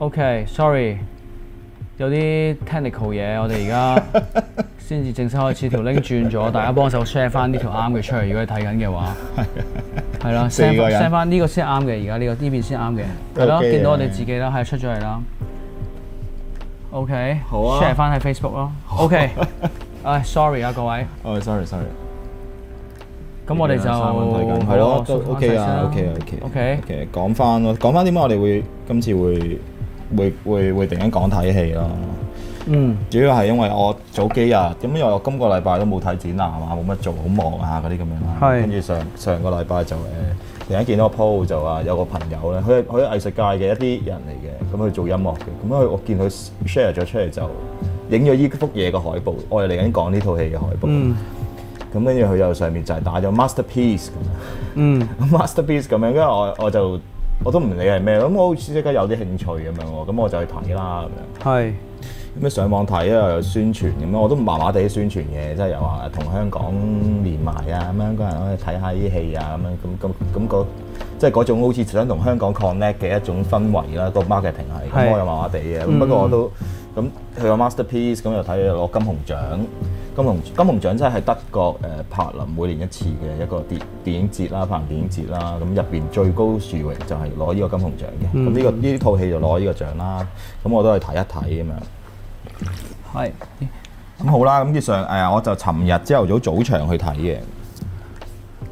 OK，sorry，有啲 technical 嘢，我哋而家先至正式開始條 link 轉咗，大家幫手 share 翻呢條啱嘅出嚟，如果你睇緊嘅話，係啦，send 翻呢個先啱嘅，而家呢個呢邊先啱嘅，係咯，見到我哋自己啦，係出咗嚟啦，OK，好啊，share 翻喺 Facebook 咯，OK，唉，sorry 啊，各位，哦，sorry，sorry，咁我哋就係咯，OK 啊，OK 啊，OK，OK，講翻咯，講翻點解我哋會今次會。會會會突然間講睇戲咯，嗯，主要係因為我早幾日咁，因為我今個禮拜都冇睇展覽啊，冇乜做，好忙啊嗰啲咁樣，係。跟住上上個禮拜就誒，突然間見到個 po 就話有個朋友咧，佢係佢係藝術界嘅一啲人嚟嘅，咁去做音樂嘅，咁佢我見佢 share 咗出嚟就影咗依幅嘢嘅海報，我又嚟緊講呢套戲嘅海報，咁跟住佢又上面就係打咗 masterpiece，咁嗯，masterpiece 咁樣，跟住、嗯、我我，我就。我都唔理係咩，咁我好似即刻有啲興趣咁樣喎，咁我就去睇啦咁樣。係咁是，咩上網睇啊，有，有宣傳咁咯，我都麻麻地宣傳嘅，即係又話同香港連埋啊，咁樣香港人可以睇下啲戲啊，咁樣咁咁咁即係嗰種好似想同香港 connect 嘅一種氛圍啦，個 marketing 係咁我又麻麻地嘅，是不過我都咁、嗯、去個 masterpiece，咁又睇又攞金熊獎。金熊金熊獎真係喺德國，誒柏林每年一次嘅一個電電影節啦、柏林電影節啦，咁入邊最高殊榮就係攞呢個金熊獎嘅。咁呢、mm hmm. 這個呢套戲就攞呢個獎啦。咁我都去睇一睇咁樣。係、mm。咁、hmm. 好啦，咁以上誒、哎，我就尋日朝頭早上早場去睇嘅。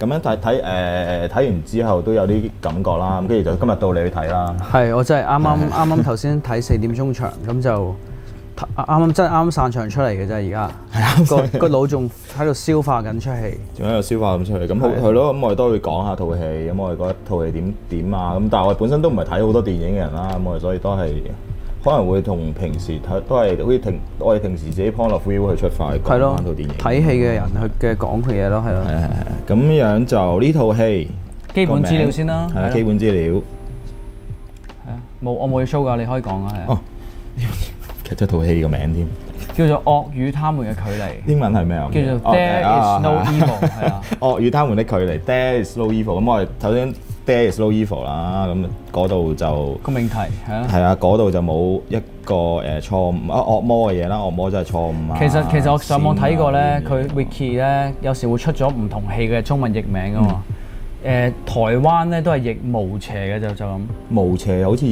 咁樣睇睇誒，睇、呃、完之後都有啲感覺啦。咁跟住就今日到你去睇啦。係，我真係啱啱啱啱頭先睇四點鐘場，咁就。啱啱真係啱啱散場出嚟嘅啫，而家 個個腦仲喺度消化緊出戲，仲喺度消化緊出嚟。咁，係咯，咁我哋都會講下套戲咁，我哋覺得套戲點點啊咁，但係我哋本身都唔係睇好多電影嘅人啦，咁我哋所以都係可能會同平時睇都係好似停我哋平時自己 point of view 去出發去講翻套電影睇戲嘅人去嘅講佢嘢咯，係啊，係係係咁樣，就呢套戲基本資料先啦，係基本資料係啊，冇我冇要 show 噶，你可以講啊，係啊。吼 出咗套戲個名添，叫做《惡與他們嘅距離》，英文係咩啊？叫做 There is no evil，係啊。惡與他們的距離，There is no evil。咁我哋頭先 There is no evil 啦，咁嗰度就、嗯那個命題嚇係啊，嗰度就冇一個誒、呃、錯誤啊，惡魔嘅嘢啦，惡魔真係錯誤啊。其實其實我上網睇過咧，佢 Wiki 咧有時會出咗唔同戲嘅中文譯名噶嘛。誒、嗯呃、台灣咧都係譯無邪嘅，就就咁無邪好似。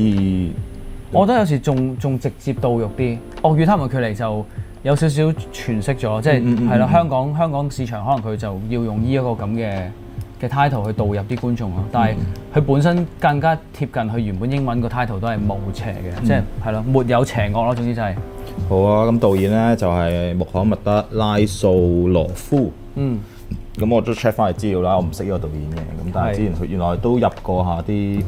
我覺得有時仲仲直接導入啲惡與他們嘅距離就有少少詮釋咗。嗯嗯、即係係啦。嗯嗯、香港香港市場可能佢就要用呢、e、一個咁嘅嘅 title 去導入啲觀眾咯。但係佢本身更加貼近佢原本英文個 title 都係冇邪嘅，嗯、即係係咯沒有邪惡咯。總之就係、是、好啊。咁導演咧就係、是、穆罕默德拉素羅夫。嗯。咁、嗯、我都 check 翻嘅資料啦，我唔識呢個導演嘅。咁但係之前佢原來都入過下啲。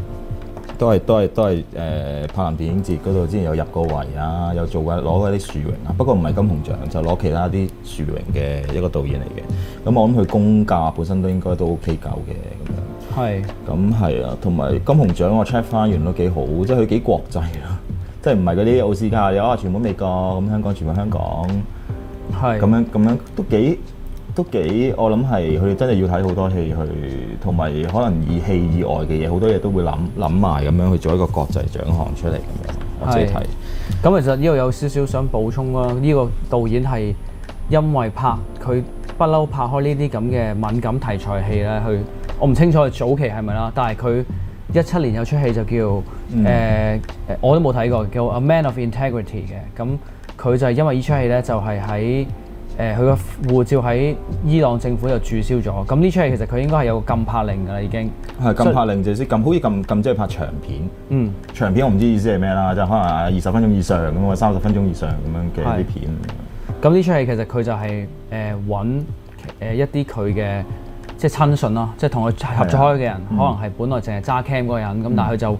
都係都係都係誒柏林電影節嗰度之前有入過圍啊，有做過攞嗰啲殊榮啊，不過唔係金熊獎，就攞其他啲殊榮嘅一個導演嚟嘅。咁我諗佢工價本身都應該都 O K 夠嘅咁樣。係。咁係是啊，同埋金熊獎我 check 翻完都幾好，即係佢幾國際 啊。即係唔係嗰啲奧斯卡，有啊，全部美國，咁香港全部香港，係咁是樣咁樣都幾。都幾，我諗係佢真係要睇好多戲去，同埋可能以戲以外嘅嘢，好多嘢都會諗諗埋咁樣去做一個國際獎項出嚟咁樣。我知。係。咁其實呢度有少少想補充啦，呢個導演係因為拍佢不嬲拍開呢啲咁嘅敏感題材戲咧，去我唔清楚佢早期係咪啦，但係佢一七年有出戲就叫誒、嗯呃，我都冇睇過叫 A Man of Integrity 嘅，咁佢就係因為呢出戲咧就係喺。誒，佢個、呃、護照喺伊朗政府就註銷咗，咁呢出戲其實佢應該係有個禁拍令㗎啦，已經係禁拍令、就係，意思禁好似禁禁即係拍長片，嗯，長片我唔知意思係咩啦，就係、可能二十分鐘以上咁啊，三十、嗯、分鐘以上咁樣嘅啲片。咁呢出戲其實佢就係誒揾誒一啲佢嘅即係親信咯，即係同佢合作開嘅人，的嗯、可能係本來淨係揸 cam 嗰個人，咁、嗯、但係佢就誒、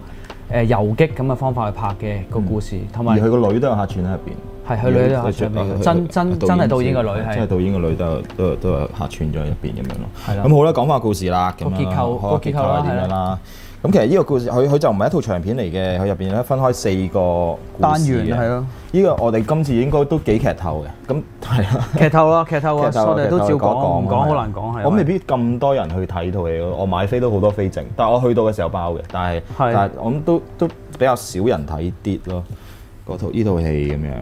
呃呃、遊擊咁嘅方法去拍嘅個故事，同埋、嗯、而佢個女都有客串喺入邊。有係佢女喺上面，真真真係導演個女，真係導演個女都都都係客串咗喺入邊咁樣咯。係啦。咁好啦，講翻個故事啦。咁個結構個結構係點樣啦？咁其實呢個故事佢佢就唔係一套長片嚟嘅，佢入邊咧分開四個單元係咯。呢個我哋今次應該都幾劇透嘅。咁係啊。劇透咯劇透啊！我哋都照講唔講好難講係。我未必咁多人去睇套戲咯。我買飛都好多飛剩，但係我去到嘅時候包嘅，但係但係我都都比較少人睇啲咯。嗰套呢套戲咁樣，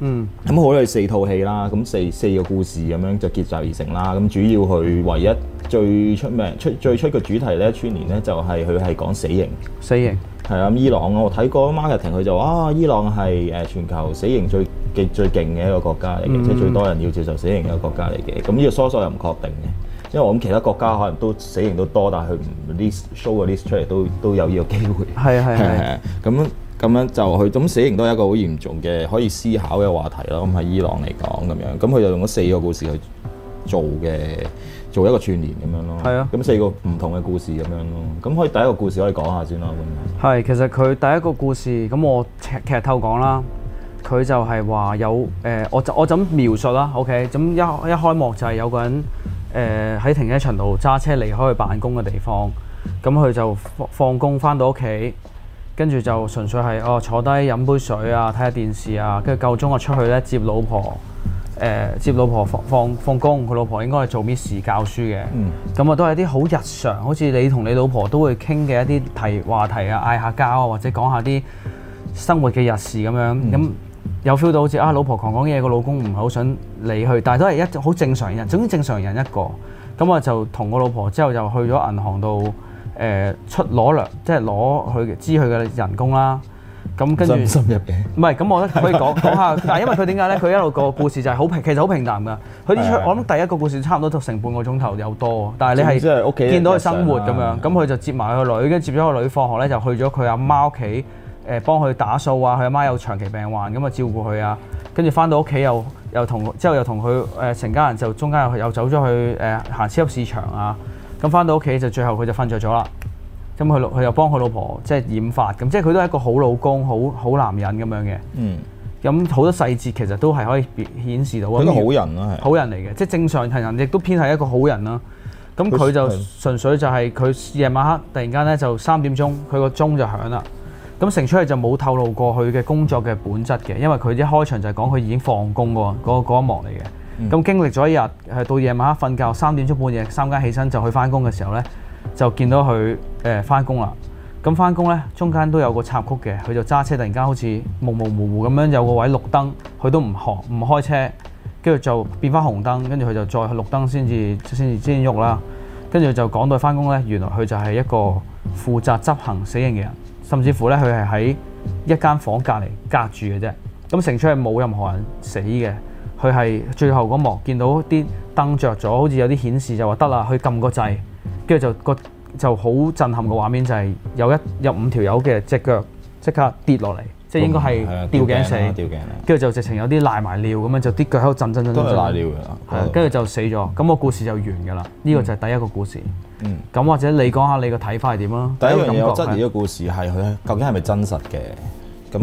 嗯，咁好似四套戲啦，咁四四個故事咁樣就結集而成啦。咁主要佢唯一最出名出最，最出嘅主題咧，串連咧就係佢係講死刑。死刑係啊，伊朗我睇過 marketing，佢就話啊，伊朗係誒全球死刑最勁最勁嘅一個國家嚟嘅，即係、嗯、最多人要接受死刑嘅國家嚟嘅。咁呢個 source 又唔確定嘅，因為我諗其他國家可能都死刑都多，但係佢唔啲 show 個 list 出嚟，都都有呢個機會。係係係，咁。咁樣就佢咁死刑都係一個好嚴重嘅可以思考嘅話題咯。咁喺伊朗嚟講咁樣，咁佢就用咗四個故事去做嘅，做一個串聯咁樣咯。係是啊，咁四個唔同嘅故事咁樣咯。咁可以第一個故事可以講下先啦。咁係，其實佢第一個故事咁我劇劇透講啦，佢就係話有誒、呃，我我咁描述啦？OK，咁一一開幕就係有個人誒喺、呃、停車場度揸車離開去辦公嘅地方，咁佢就放，放工翻到屋企。跟住就純粹係哦，坐低飲杯水啊，睇下電視啊。跟住夠鐘我出去咧接老婆，誒、呃、接老婆放放放工。佢老婆應該係做 Miss 教書嘅。咁啊、嗯，都係啲好日常，好似你同你老婆都會傾嘅一啲題話題啊，嗌下交啊，或者講下啲生活嘅日事咁樣。咁有 feel 到好似啊，老婆狂講嘢，個老公唔係好想理佢，但係都係一好正常人。總之正常人一個。咁我就同個老婆之後就去咗銀行度。誒，出攞糧，即係攞佢嘅資佢嘅人工啦。咁跟住，唔係咁，我覺得可以講講下。但係因為佢點解咧？佢一路個故事就係好平，其實好平淡㗎。佢啲格格我諗第一個故事差唔多就成半個鐘頭有多。但係你係見到佢生活咁樣，咁佢格格就接埋佢個女，跟住接咗個女放學咧就去咗佢阿媽屋企，誒幫佢打掃啊。佢阿媽有長期病患，咁啊照顧佢啊。跟住翻到屋企又又同之後又同佢誒成家人就中間又又走咗去誒行超級市場啊。咁返到屋企就最後佢就瞓着咗啦。咁佢佢又幫佢老婆即係染髮，咁即係佢都係一個好老公、好好男人咁樣嘅。嗯。咁好多細節其實都係可以顯示到啊。佢個好人啦，好人嚟嘅，即係正常係人，亦都偏係一個好人啦、啊。咁佢如是、啊、就純粹就係佢夜晚黑突然間咧就三點鐘，佢個鐘就響啦。咁成出嚟就冇透露過佢嘅工作嘅本質嘅，因為佢一開場就講佢已經放工喎，嗰一幕嚟嘅。咁、嗯、經歷咗一日，係到夜晚黑瞓覺，三點鐘半夜三更起身就去翻工嘅時候呢，就見到佢誒翻工啦。咁翻工呢，中間都有個插曲嘅，佢就揸車，突然間好似模模糊糊咁樣有個位綠燈，佢都唔學唔開車，跟住就變翻紅燈，跟住佢就再去綠燈先至先至先喐啦。跟住就講到翻工呢，原來佢就係一個負責執行死刑嘅人，甚至乎呢，佢係喺一間房隔離隔住嘅啫。咁成出係冇任何人死嘅。佢係最後嗰幕見到啲燈着咗，好似有啲顯示就話得啦，去撳個掣，跟住就個就好震撼嘅畫面就係有一有五條友嘅隻腳即刻跌落嚟，即係應該係吊頸死，吊頸跟住就直情有啲瀨埋尿咁樣，就啲腳喺度震震震震震，都係瀨尿㗎，係。跟住就死咗，咁個故事就完㗎啦。呢個就係第一個故事。嗯，咁或者你講下你個睇法係點啊？第一樣有質疑嘅故事係佢究竟係咪真實嘅？咁。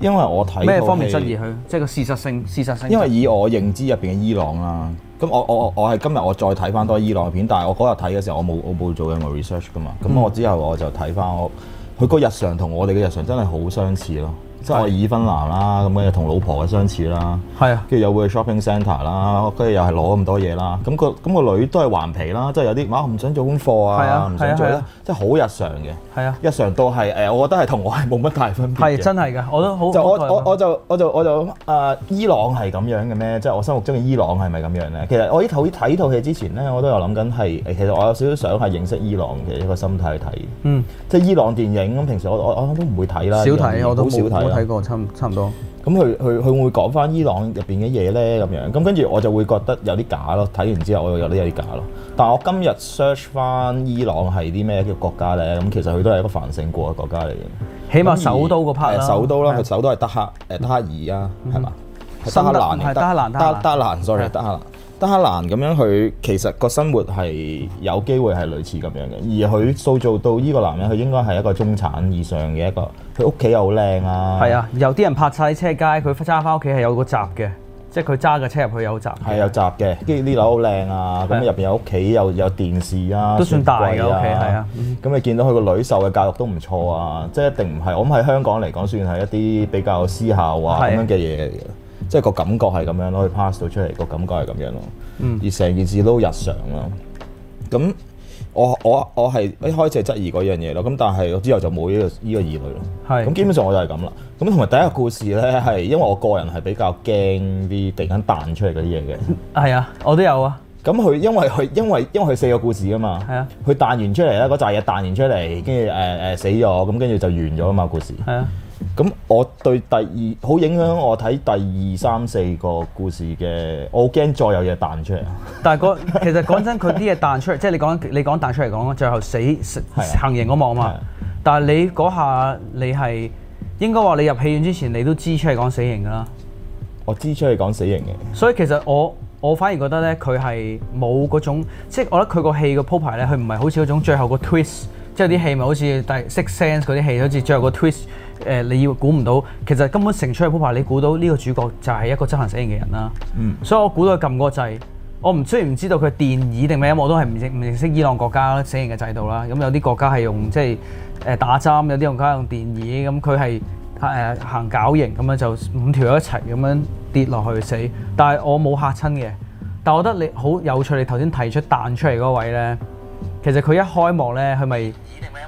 因為我睇咩方面質疑佢，即係個事實性、事實性、就是。因為以我認知入邊嘅伊朗啦，咁我我我我係今日我再睇翻多伊朗嘅片，但係我嗰日睇嘅時候我，我冇我冇做任何 research 噶嘛。咁我之後我就睇翻我佢個日常同我哋嘅日常真係好相似咯，即係已婚男啦，咁嘅同老婆嘅相似啦。係啊，跟住又會 shopping center 啦，跟住又係攞咁多嘢啦。咁個咁個女都係頑皮啦，即係有啲唔想做功課啊，唔想做啦。即係好日常嘅，係啊，日常都係誒，我覺得係同我係冇乜大分別嘅。係真係嘅，我都好。就我我我就我就我就誒、啊，伊朗係咁樣嘅咩？即係我心目中嘅伊朗係咪咁樣咧？其實我依套睇套戲之前咧，我都有諗緊係，其實我有少少想係認識伊朗嘅一個心態去睇。嗯，即係伊朗電影咁，平時我我我都唔會睇啦。少睇，我都好少睇冇冇睇過，差差唔多。咁佢佢佢會講翻伊朗入邊嘅嘢咧咁樣，咁跟住我就會覺得有啲假咯。睇完之後，我又有啲有啲假咯。但係我今日 search 翻伊朗係啲咩嘅國家咧？咁其實佢都係一個繁盛過嘅國家嚟嘅。起碼首都嗰 part、呃、首都啦，佢的首都係德克誒德黑爾啊，係嘛？新德黑蘭係德黑德德黑 sorry 德黑蘭。德黑蘭咁樣佢其實個生活係有機會係類似咁樣嘅，而佢塑造到呢個男人，佢應該係一個中產以上嘅一個。佢屋企又好靚啊。係啊，有啲人拍晒喺車街，佢揸翻屋企係有個閘嘅，即係佢揸架車入去有閘。係、啊、有閘嘅，跟住啲樓好靚啊，咁入邊有屋企又有電視啊，都算大嘅屋企，係啊。咁、啊嗯、你見到佢個女受嘅教育都唔錯啊，即係一定唔係我諗喺香港嚟講算係一啲比較私校啊咁樣嘅嘢嚟嘅。即係個感覺係咁樣咯，佢 pass 到出嚟個感覺係咁樣咯，嗯、而成件事都日常咯。咁我我我係一開始係質疑嗰樣嘢咯，咁但係之後就冇呢個呢個疑慮咯。係是。咁基本上我就係咁啦。咁同埋第一個故事咧，係因為我個人係比較驚啲突然間彈出嚟嗰啲嘢嘅。係啊，我都有啊。咁佢因為佢因為因為佢四個故事啊嘛。係啊。佢彈完出嚟咧，嗰咋嘢彈完出嚟，跟住誒誒死咗，咁跟住就完咗啊嘛，故事。係啊。咁我對第二好影響，我睇第二三四個故事嘅，我好驚再有嘢彈出嚟。但係、嗰個、其實講真，佢啲嘢彈出嚟，即係 你講你講彈出嚟講，最後死，死行刑嗰幕啊嘛。但係你嗰下你係應該話你入戲院之前，你都知出嚟講死刑㗎啦。我知出嚟講死刑嘅。所以其實我我反而覺得咧，佢係冇嗰種，即、就、係、是、我覺得佢個戲個鋪排咧，佢唔係好似嗰種最後個 twist，即係啲戲咪、就、好、是、似但 six sense 嗰啲戲，好似最後個 twist。誒、呃，你要估唔到，其實根本成出嚟鋪排，你估到呢個主角就係一個執行死刑嘅人啦。嗯。所以我估到佢撳個掣，我唔雖然唔知道佢電椅定咩，我都係唔唔認識伊朗國家死刑嘅制度啦。咁、嗯、有啲國家係用即係誒、呃、打針，有啲國家用電椅，咁佢係誒行絞刑咁樣就五條一齊咁樣跌落去死，但係我冇嚇親嘅。但係我覺得你好有趣，你頭先提出彈出嚟嗰位咧，其實佢一開幕咧，佢咪？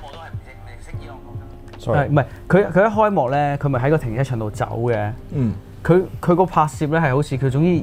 誒唔係佢佢一開幕咧，佢咪喺個停車場度走嘅。嗯，佢佢個拍攝咧係好似佢總之誒、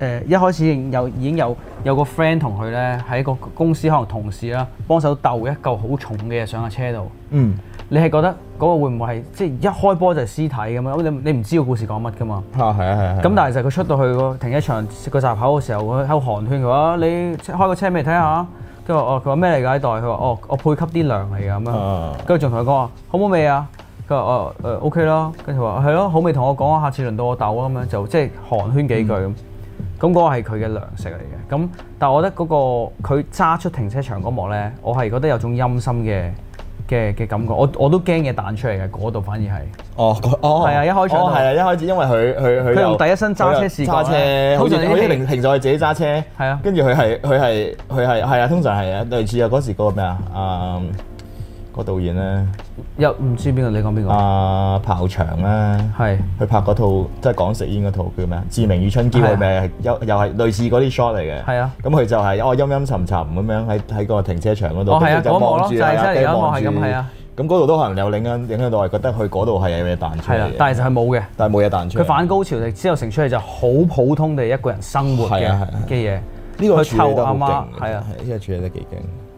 呃、一開始有已經有有個 friend 同佢咧喺個公司可能同事啦，幫手鬥一嚿好重嘅嘢上架車度。嗯，你係覺得嗰個會唔會係即係一開波就係屍體咁樣？你你唔知個故事講乜噶嘛？啊啊係啊。咁、啊啊啊、但係其實佢出到去個停車場個閘口嘅時候，佢喺度寒暄。嘅話，你開個車未睇下？跟住我，佢話咩嚟㗎呢袋？佢話哦，我配給啲糧嚟㗎咁樣。Uh. 跟住仲同佢講，好唔好味啊？佢話哦，誒、呃、OK 咯。跟住話係咯，好味同我講下次輪到我鬥咁樣就即係寒暄幾句咁。咁嗰、嗯嗰個係佢嘅糧食嚟嘅。咁但係我覺得嗰、嗰個佢揸出停車場嗰幕咧，我係覺得有種陰森嘅。嘅嘅感覺，我我都驚嘅彈出嚟嘅，嗰度反而係、哦。哦、啊、哦，係啊、哦，一開場。係啊，一開始因為佢佢佢。佢用第一身揸車時揸車。好似佢一停停在自己揸車。係啊。跟住佢係佢係佢係係啊，通常係啊常，類似啊嗰時、嗰個咩啊誒。嗯個導演咧，又唔知邊個？你講邊個啊？啊，跑場咧，係佢拍嗰套即係講食煙嗰套，叫咩啊？《志明與春嬌》係咩？又又係類似嗰啲 shot 嚟嘅。係啊，咁佢就係哦陰陰沉沉咁樣喺喺個停車場嗰度，就望住啊，就望住。咁嗰度都可能有影響影響到，係覺得佢嗰度係有咩彈出，但係就係冇嘅。但係冇嘢彈出。佢反高潮嚟之後，成出嚟就好普通地一個人生活嘅嘅嘢。呢個處理得唔穩定嘅，係啊，呢個處理得幾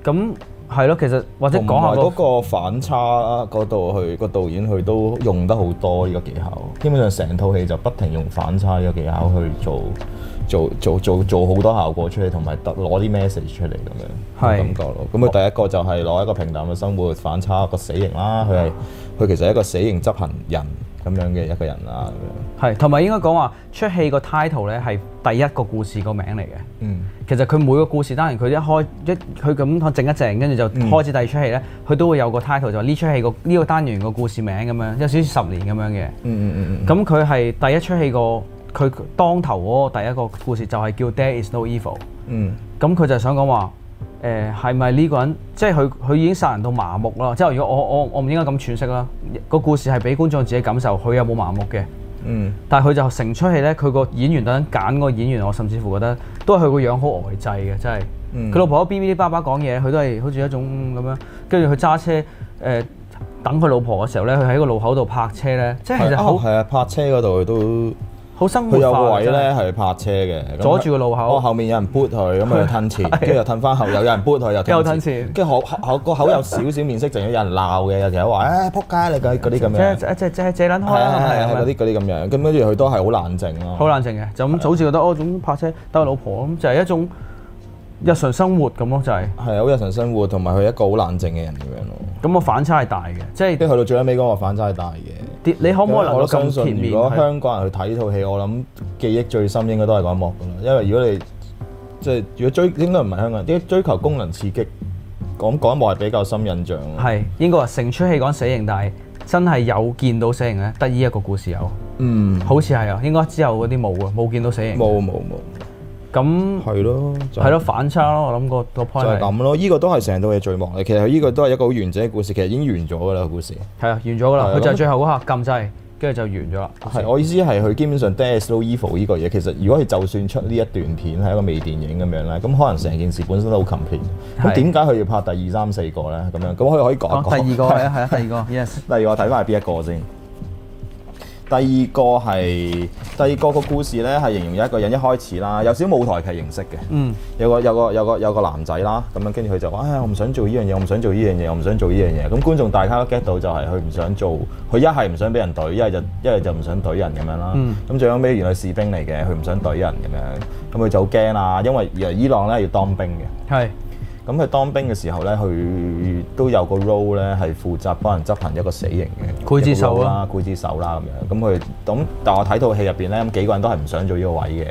勁。咁係咯，其實或者講下嗰個反差嗰度去個 導演佢都用得好多呢個技巧。基本上成套戲就不停用反差呢個技巧去做做做做好多效果出嚟，同埋得攞啲 message 出嚟咁樣感覺咯。咁佢是，第一個就係攞一個平淡嘅生活去反差個死刑啦。佢係佢其實係一個死刑執行人。咁樣嘅一個人啦、啊，咁樣。係，同埋應該講話出戲個 title 咧係第一個故事個名嚟嘅。嗯。其實佢每個故事單元，佢一開一佢咁靜一靜，跟住就開始第二出戲咧，佢、嗯、都會有個 title 就話呢出戲、呢個呢、呢個單元個故事名咁樣，有少少十年咁樣嘅。嗯嗯嗯嗯。咁佢係第一出戲個佢當頭嗰個第一個故事就係、是、叫 There is no evil。嗯。咁佢就想講話。誒係咪呢個人？即係佢佢已經殺人到麻木咯。即係如果我我我唔應該咁詮釋啦。個故事係俾觀眾自己感受。佢有冇麻木嘅？嗯。但係佢就成出戲咧，佢個演員等等揀嗰個演員，我甚至乎覺得都係佢個樣好呆滯嘅，真係。嗯。佢老婆喺 B B 啲爸爸講嘢，佢都係好似一種咁樣。跟住佢揸車誒等佢老婆嘅時候咧，佢喺個路口度泊車咧，即係其實好。係啊，泊車嗰度都。好生活化，佢有 個位咧係泊車嘅阻住個路口。我、嗯、後面有人 p 佢，咁佢 吞前，跟住又騰翻後，又有人 p 佢，又騰前。又騰前。跟住口口個口有少少面色，仲要有人鬧嘅，有時候話，唉，撲街你咁嗰啲咁樣。借借借借撚開啊！係啊係啊，嗰啲啲咁樣。咁跟住佢都係好冷靜咯。好冷靜嘅，就咁好似覺得哦，總泊車等佢老婆咁，就係一種日常生活咁咯，就係、是。係啊，好 日常生活，同埋佢一個好冷靜嘅人咁樣咯。咁 我反差係大嘅，即係去到最屘嗰個反差係大嘅。你可唔可以留到咁前面？我相信如果香港人去睇呢套戲，是我諗記憶最深應該都係嗰一幕㗎嘛。因為如果你即係、就是、如果追，應該唔係香港人啲追求功能刺激，講講幕係比較深印象。係應該話成出戲講死刑，但係真係有見到死刑咧，得依一個故事有。嗯，好似係啊，應該之後嗰啲冇啊，冇見到死刑。冇冇冇。咁係咯，係咯那、就是、反差咯，我諗個個 point 就係咁咯。呢個都係成套嘅序幕嚟，其實呢個都係一個好完整嘅故事，其實已經完咗噶啦，故事。係啊，完咗噶啦，佢的就係最後嗰下撳掣，跟住就完咗啦。係，我意思係佢基本上《There is no Evil》呢個嘢，其實如果係就算出呢一段片係一個微電影咁樣咧，咁可能成件事本身都好 compact。咁點解佢要拍第二三四個咧？咁樣咁可以可以講講。第二個係啊係啊，第二個 yes。第二個我睇翻係邊一個先？第二個係第二個個故事咧，係形容有一個人一開始啦，有少少舞台劇形式嘅。嗯，有個有個有個有個男仔啦，咁樣跟住佢就話：，哎我唔想做呢樣嘢，我唔想做呢樣嘢，我唔想做呢樣嘢。咁觀眾大家都 get 到就係佢唔想做，佢一係唔想俾人懟，一係就一係就唔想懟人咁樣啦。咁、嗯、最後尾原來士兵嚟嘅，佢唔想懟人咁樣，咁佢就好驚啦，因為原來伊朗咧要當兵嘅。係。咁佢當兵嘅時候咧，佢都有個 role 咧，係負責幫人執行一個死刑嘅。劊子手啊，劊子手啦咁樣。咁佢咁，但我睇套戲入邊咧，咁幾個人都係唔想做呢個位嘅。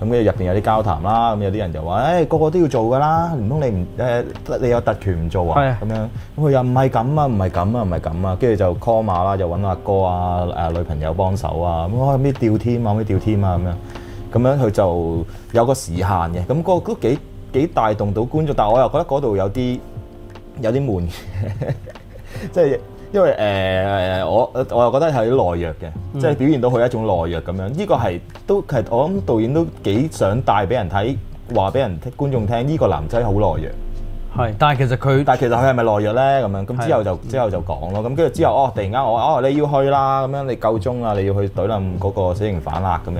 咁跟住入邊有啲交談啦，咁有啲人就話：，誒個個都要做㗎啦，唔通你唔誒你有特權唔做啊？咁樣，咁佢又唔係咁啊，唔係咁啊，唔係咁啊。跟住就 call 馬啦，又揾阿哥啊、誒女朋友幫手啊，咁開咩吊天啊，咩吊天啊咁樣，咁樣佢就有個時限嘅。咁嗰嗰幾幾帶動到觀眾，但係我又覺得嗰度有啲有啲悶嘅，即係因為誒我我又覺得係懦弱嘅，即係表現到佢係一種懦弱咁樣。依個係都係我諗導演都幾想帶俾人睇，話俾人觀眾聽，依個男仔好懦弱。係，但係其實佢但係其實佢係咪懦弱咧？咁樣咁之後就之後就講咯。咁跟住之後哦，突然間我哦你要去啦，咁樣你夠鐘啦，你要去懟冧嗰個死刑犯啦，咁樣。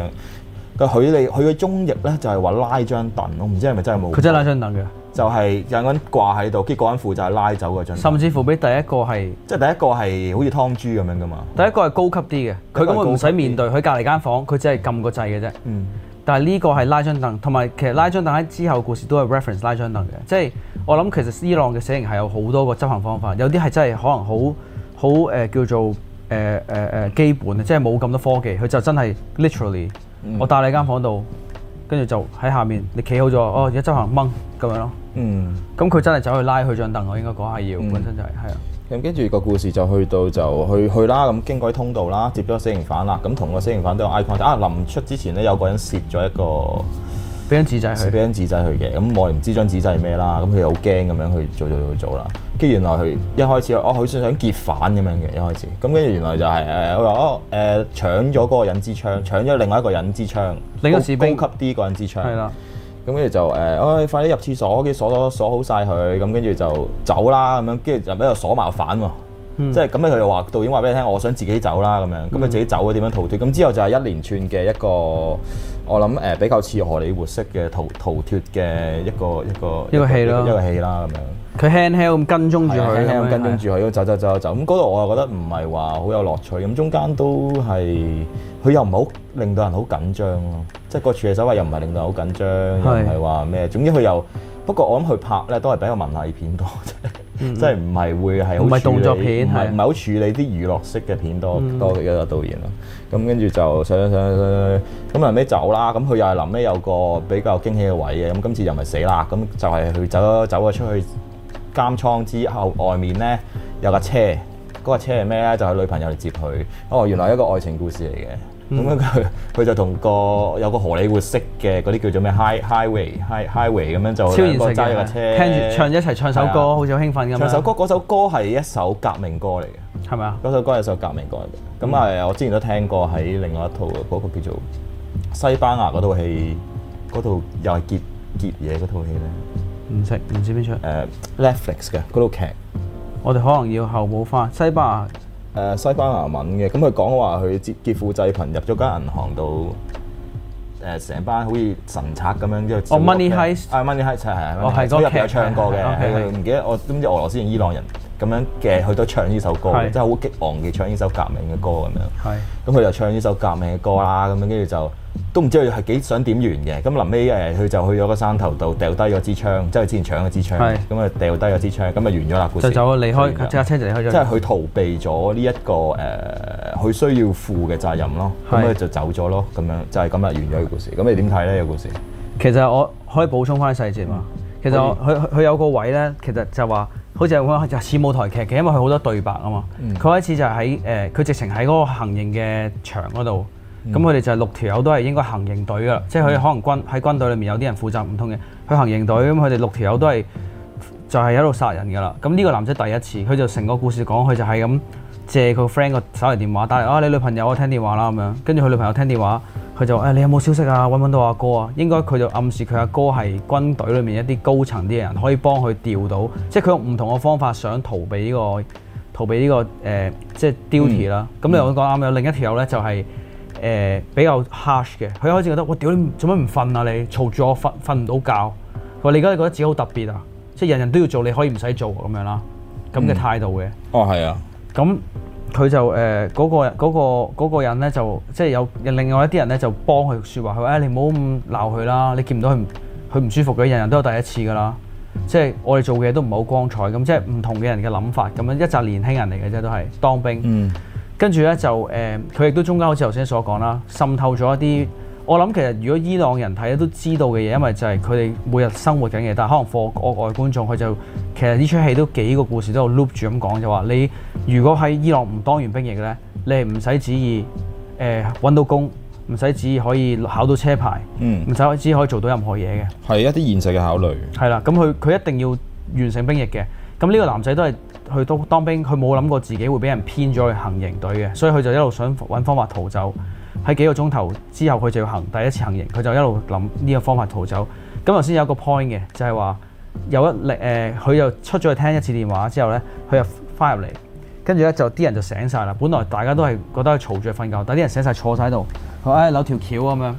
佢哋佢嘅中譯咧就係、是、話拉張凳，我唔知係咪真係冇。佢真係拉張凳嘅，就係有個人掛喺度，結果嗰間負責就拉走個張凳。甚至乎俾第一個係即係第一個係好似湯豬咁樣噶嘛。第一個係高級啲嘅，佢根本唔使面對。佢隔離間房，佢只係撳個掣嘅啫。嗯、但係呢個係拉張凳，同埋其實拉張凳喺之後故事都係 reference 拉張凳嘅。即、就、係、是、我諗其實伊朗嘅死刑係有好多個執行方法，有啲係真係可能好好誒叫做誒誒誒基本即係冇咁多科技，佢就真係 literally。我帶你間房度，跟住就喺下面，你企好咗哦，而家執行掹咁樣咯。嗯，咁佢真係走去拉佢張凳，我應該講下要、嗯、本身就係係啊。咁跟住個故事就去到就去去啦，咁經過啲通道啦，接咗死刑犯啦，咁同個死刑犯都有嗌 con，啊臨出之前咧有個人攝咗一個。俾張紙仔去，俾張紙仔去嘅。咁我唔知張紙仔係咩啦。咁佢好驚咁樣去做做做做啦。跟住原來佢一開始，哦佢想想結反咁樣嘅一開始。咁跟住原來就係、是、誒，我、呃、話哦誒、呃、搶咗嗰個人支槍，搶咗另外一個人支槍，高，高級啲個人支槍。係啦的。咁跟住就誒、呃，哎快啲入廁所，跟住鎖鎖鎖好晒佢。咁跟住就走啦咁樣。跟住就俾度鎖麻煩喎。嗯、即係咁咧，佢又話導演話俾你聽，我想自己走啦咁、嗯、樣，咁佢自己走點樣逃脫？咁之後就係一連串嘅一個，我諗誒、呃、比較似荷里活式嘅逃逃脫嘅一個一個一個戲咯，一個戲啦咁樣。佢輕輕咁跟蹤住佢，輕輕咁跟蹤住佢，樣走走走走。咁嗰度我又覺得唔係話好有樂趣。咁中間都係佢又唔好令到人好緊張咯，即係個處理手法又唔係令到好緊張，又唔係話咩。總之佢又不過我諗佢拍咧都係比較文藝片多。 即係唔係會係好唔係動作片，係唔係好處理啲娛樂式嘅片多、嗯、多嘅一個導演咯。咁跟住就上上上咁臨尾走啦。咁佢又係臨尾有個比較驚喜嘅位嘅。咁今次又咪死啦。咁就係佢走咗走咗出去監倉之後，外面咧有架車，嗰架車係咩咧？就係女朋友嚟接佢。哦，原來一個愛情故事嚟嘅。咁樣佢佢就同個有個荷里活式嘅嗰啲叫做咩 high, high highway highway 咁樣就超現實揸住架車，聽住唱一齊唱首歌，的好似好興奮咁。唱首歌嗰、嗯、首歌係一首革命歌嚟嘅，係咪啊？嗰首歌係一首革命歌嚟嘅。咁啊、嗯，我之前都聽過喺另外一套嘅，嗰、那個叫做西班牙嗰套戲，嗰套又係結結嘢嗰套戲咧。唔識唔知邊出？誒 Netflix 嘅嗰套劇，我哋可能要後補翻西班牙。誒西班牙文嘅，咁佢講話佢劫富濟貧入咗間銀行度，誒成班好似神賊咁樣嘅。哦、oh，Money Heist，啊 Money Heist 係、嗯、係，都有唱歌嘅，係唔記得我點知俄羅斯人伊朗人咁樣嘅佢都唱呢首歌嘅，即係好激昂嘅唱呢首革命嘅歌咁樣。係，咁佢就唱呢首革命嘅歌啦，咁樣跟住就。都唔知佢係幾想點完嘅，咁臨尾誒，佢就去咗個山頭度掉低咗支槍，即係之前搶咗支槍，咁啊掉低咗支槍，咁啊完咗啦故事。就走咗離開，即刻車就離開咗。即係佢逃避咗呢一個誒，佢、呃、需要負嘅責任咯。咁佢是就走咗咯，咁樣就係咁啊，完咗嘅故事。咁是你點睇咧？有、呢個、故事。其實我可以補充翻細節嘛。嗯、其實佢佢以有個位咧，其實就話好似話就似舞台劇嘅，因為佢好多對白啊嘛。佢、嗯、開始就喺誒，佢、呃、直情喺嗰個行刑嘅場嗰度。咁佢哋就係六條友都係應該行刑隊噶啦，即係佢可能軍喺軍隊裏面有啲人負責唔同嘅，佢行刑隊，咁佢哋六條友都係就係喺度殺人噶啦。咁呢個男仔第一次佢就成個故事講，佢就係咁借佢 friend 個手提電話打嚟啊，你女朋友啊聽電話啦咁樣。跟住佢女朋友聽電話，佢就話誒、哎、你有冇消息啊？揾揾到阿哥、哥啊？應該佢就暗示佢阿哥係軍隊裏面一啲高層啲人，可以幫佢調到，即係佢用唔同嘅方法想逃避呢、這個逃避呢、這個誒、呃、即係 duty 啦、嗯。咁、嗯、你又講啱，有另一條友咧就係、是。誒、呃、比較 harsh 嘅，佢開始覺得屌、啊、我屌你做乜唔瞓啊，你嘈住我瞓，瞓唔到覺。佢話你而家你覺得自己好特別啊，即係人人都要做你可以唔使做咁樣啦，咁嘅態度嘅、嗯。哦，係啊。咁佢就誒嗰、呃嗰個嗰、嗰個嗰個、人咧就即係有另外一啲人咧就幫佢説話，佢話誒你唔好咁鬧佢啦，你見唔到佢佢唔舒服嘅，人人都有第一次㗎啦。即係我哋做嘅嘢都唔係好光彩，咁即係唔同嘅人嘅諗法，咁樣一扎年輕人嚟嘅啫都係當兵。嗯。跟住咧就誒，佢、呃、亦都中間好似頭先所講啦，滲透咗一啲，我諗其實如果伊朗人睇都知道嘅嘢，因為就係佢哋每日生活緊嘅。但係可能國外觀眾佢就其實呢出戲都幾個故事都有 Loop 住咁講，就話你如果喺伊朗唔當完兵役嘅咧，你係唔使旨意誒揾、呃、到工，唔使旨意可以考到車牌，唔使旨意可以做到任何嘢嘅。係一啲現實嘅考慮。係啦，咁佢佢一定要完成兵役嘅。咁呢個男仔都係。佢都當兵，佢冇諗過自己會俾人騙咗去行刑隊嘅，所以佢就一路想揾方法逃走。喺幾個鐘頭之後，佢就要行第一次行刑，佢就一路諗呢個方法逃走。咁頭先有一個 point 嘅，就係、是、話有一力誒，佢、呃、又出咗去聽一次電話之後咧，佢又翻入嚟，跟住咧就啲人就醒晒啦。本來大家都係覺得係嘈住瞓覺，但啲人醒晒坐晒喺度，誒扭、哎、條橋咁、啊、樣。誒、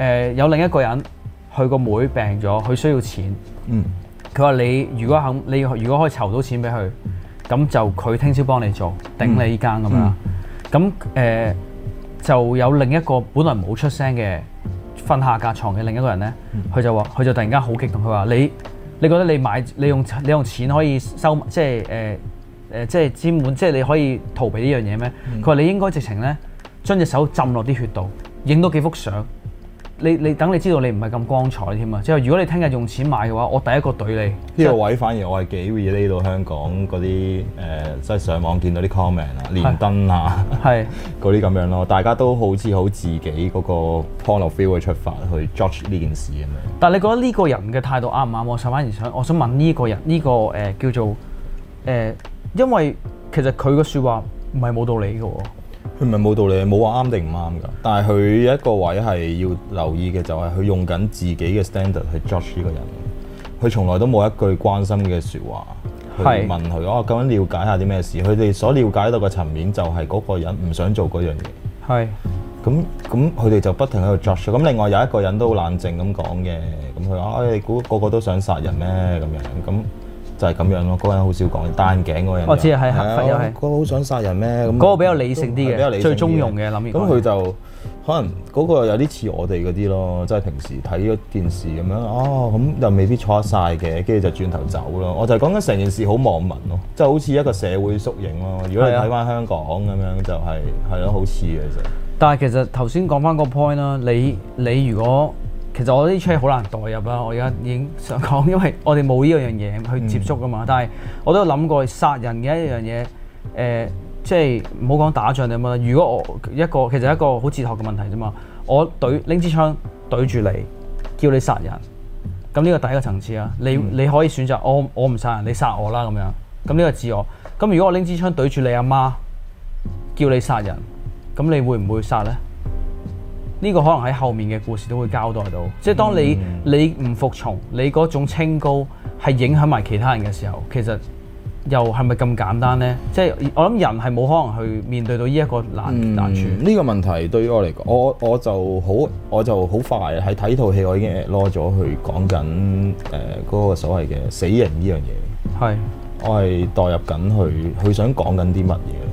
呃、有另一個人，佢個妹病咗，佢需要錢。嗯。佢話：你如果肯，你如果可以籌到錢俾佢，咁就佢聽朝幫你做，頂你依間咁樣。咁誒、嗯嗯呃、就有另一個本來冇出聲嘅瞓下架床嘅另一個人咧，佢、嗯、就話：佢就突然間好激動，佢話，你你覺得你買你用你用錢可以收即係誒誒即係沾滿即係你可以逃避呢樣嘢咩？佢話、嗯：你應該直情咧將隻手浸落啲血度，影到幾幅相。你你等你知道你唔係咁光彩添啊！即係如果你聽日用錢買嘅話，我第一個懟你。呢個位反而我係幾 relate 到香港嗰啲誒，即、呃、係、即係、上網見到啲 comment 啊、連登啊，係嗰啲咁樣咯。大家都好似好自己嗰個 point of view 去出發去 judge 呢件事咁樣。嗯、但係你覺得呢個人嘅態度啱唔啱？我想反而想，我想問呢個人呢、呢個誒、呃、叫做誒、呃，因為其實佢嘅説話唔係冇道理嘅喎。佢咪冇道理，冇話啱定唔啱噶。但係佢有一個位係要留意嘅，就係、是、佢用緊自己嘅 standard 去 judge 呢個人。佢從來都冇一句關心嘅説話去問佢是啊，咁樣了解下啲咩事？佢哋所了解到嘅層面就係嗰個人唔想做嗰樣嘢。係是。咁咁，佢哋就不停喺度 judge。咁另外有一個人都好冷靜咁講嘅，咁佢話：啊，你估個個都想殺人咩？咁樣咁。就係咁樣咯，嗰個人好少講，單頸嗰人。我知啊，係黑髮嗰個好想殺人咩？嗰個比較理性啲嘅，比理最中庸嘅諗。咁佢就可能嗰個有啲似我哋嗰啲咯，即係平時睇咗電視咁樣哦，咁又未必坐得曬嘅，跟住就轉頭走咯。我就係講緊成件事好網民咯，即係好似一個社會縮影咯。如果你睇翻香港咁樣，就係係咯，好似嘅啫。但係其實頭先講翻個 point 啦，你你，你如果。其實我啲槍好難代入啊！我而家已經想講，因為我哋冇呢樣嘢去接觸噶嘛。嗯、但係我都有諗過殺人嘅一樣嘢，誒、呃，即係唔好講打仗咁樣。如果我一個其實一個好哲學嘅問題啫嘛，我對拎支槍對住你，叫你殺人，咁呢個第一個層次啊。你、嗯、你可以選擇我我唔殺人，你殺我啦咁樣。咁呢個自我。咁如果我拎支槍對住你阿媽，叫你殺人，咁你會唔會殺咧？呢個可能喺後面嘅故事都會交代到，即係當你、嗯、你唔服從，你嗰種清高係影響埋其他人嘅時候，其實又係咪咁簡單呢？即係我諗人係冇可能去面對到呢一個難、嗯、難處。呢個問題對於我嚟講，我我就好我就好快喺睇套戲，我已經攞咗去講緊誒嗰個所謂嘅死刑呢樣嘢。係是，我係代入緊去，佢想講緊啲乜嘢？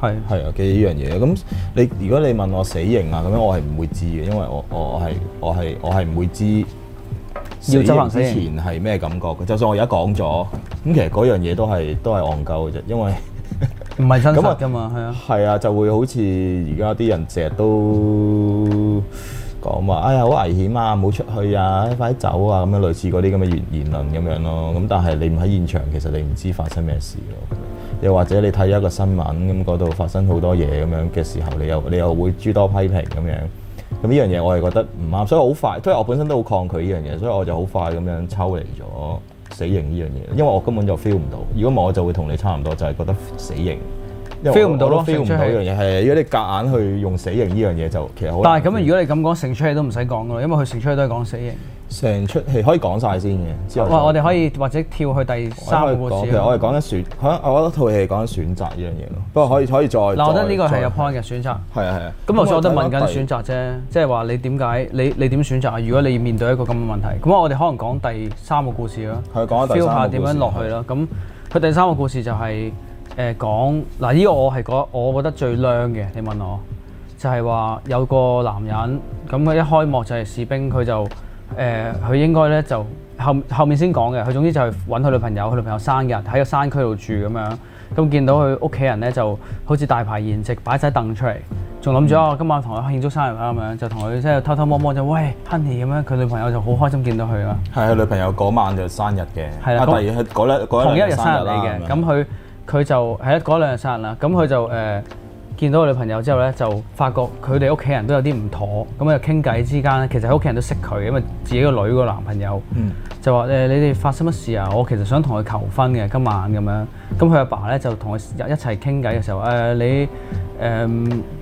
係係啊，記依樣嘢咁。你如果你問我死刑啊咁樣，我係唔會知嘅，因為我我我係我係我係唔會知要執行死刑係咩感覺嘅。就算我而家講咗，咁其實嗰樣嘢都係都係戇鳩嘅啫，因為唔係 真實㗎嘛，係啊，係啊，就會好似而家啲人成日都講話，哎呀好危險啊，唔好出去啊，快啲走啊咁樣，類似嗰啲咁嘅言論咁樣咯。咁但係你唔喺現場，其實你唔知發生咩事咯。又或者你睇一個新聞咁嗰度發生好多嘢咁樣嘅時候，你又你又會諸多批評咁樣。咁呢樣嘢我係覺得唔啱，所以好快，因為我本身都好抗拒呢樣嘢，所以我就好快咁樣抽離咗死刑呢樣嘢，因為我根本就 feel 唔到。如果唔係我就會同你差唔多，就係覺得死刑 feel 唔到咯，feel 唔到呢樣嘢係。如果你夾硬去用死刑呢樣嘢就其實好，但係咁樣，如果你咁講，成齣戲都唔使講㗎啦，因為佢成齣戲都係講死刑。成齣戲可以講晒先嘅，之後我哋可以或者跳去第三個故事。其實我係講緊選，我覺得套戲係講緊選擇呢樣嘢咯。不過可以可以再嗱，我覺得呢個係入坑嘅選擇，係啊係啊。咁我再得問緊選擇啫，即係話你點解你你點選擇啊？如果你面對一個咁嘅問題，咁我哋可能講第三個故事咯，佢 feel 下點樣落去啦。咁佢第三個故事就係誒講，嗱，呢個我係講我覺得最靚嘅。你問我就係話有個男人，咁佢一開幕就係士兵，佢就。誒，佢、呃、應該咧就後後面先講嘅。佢總之就揾佢女朋友，佢女朋友生日喺個山區度住咁樣。咁見到佢屋企人咧，就好似大排筵席，擺曬凳出嚟，仲諗住啊，今晚同佢慶祝生日啦咁樣，就同佢即係偷偷摸摸就喂 Honey 咁樣。佢女朋友就好開心見到佢啦。係佢女朋友嗰晚就生日嘅。係啦的，咁是同一日生日嚟嘅。咁佢佢就係啊嗰兩日生日啦。咁佢的就誒。見到我女朋友之後咧，就發覺佢哋屋企人都有啲唔妥，咁啊傾偈之間咧，其實佢屋企人都識佢，因為自己個女個男朋友就話誒、嗯呃，你哋發生乜事啊？我其實想同佢求婚嘅，今晚咁樣。咁佢阿爸咧就同佢一齊傾偈嘅時候，誒、呃、你誒、呃、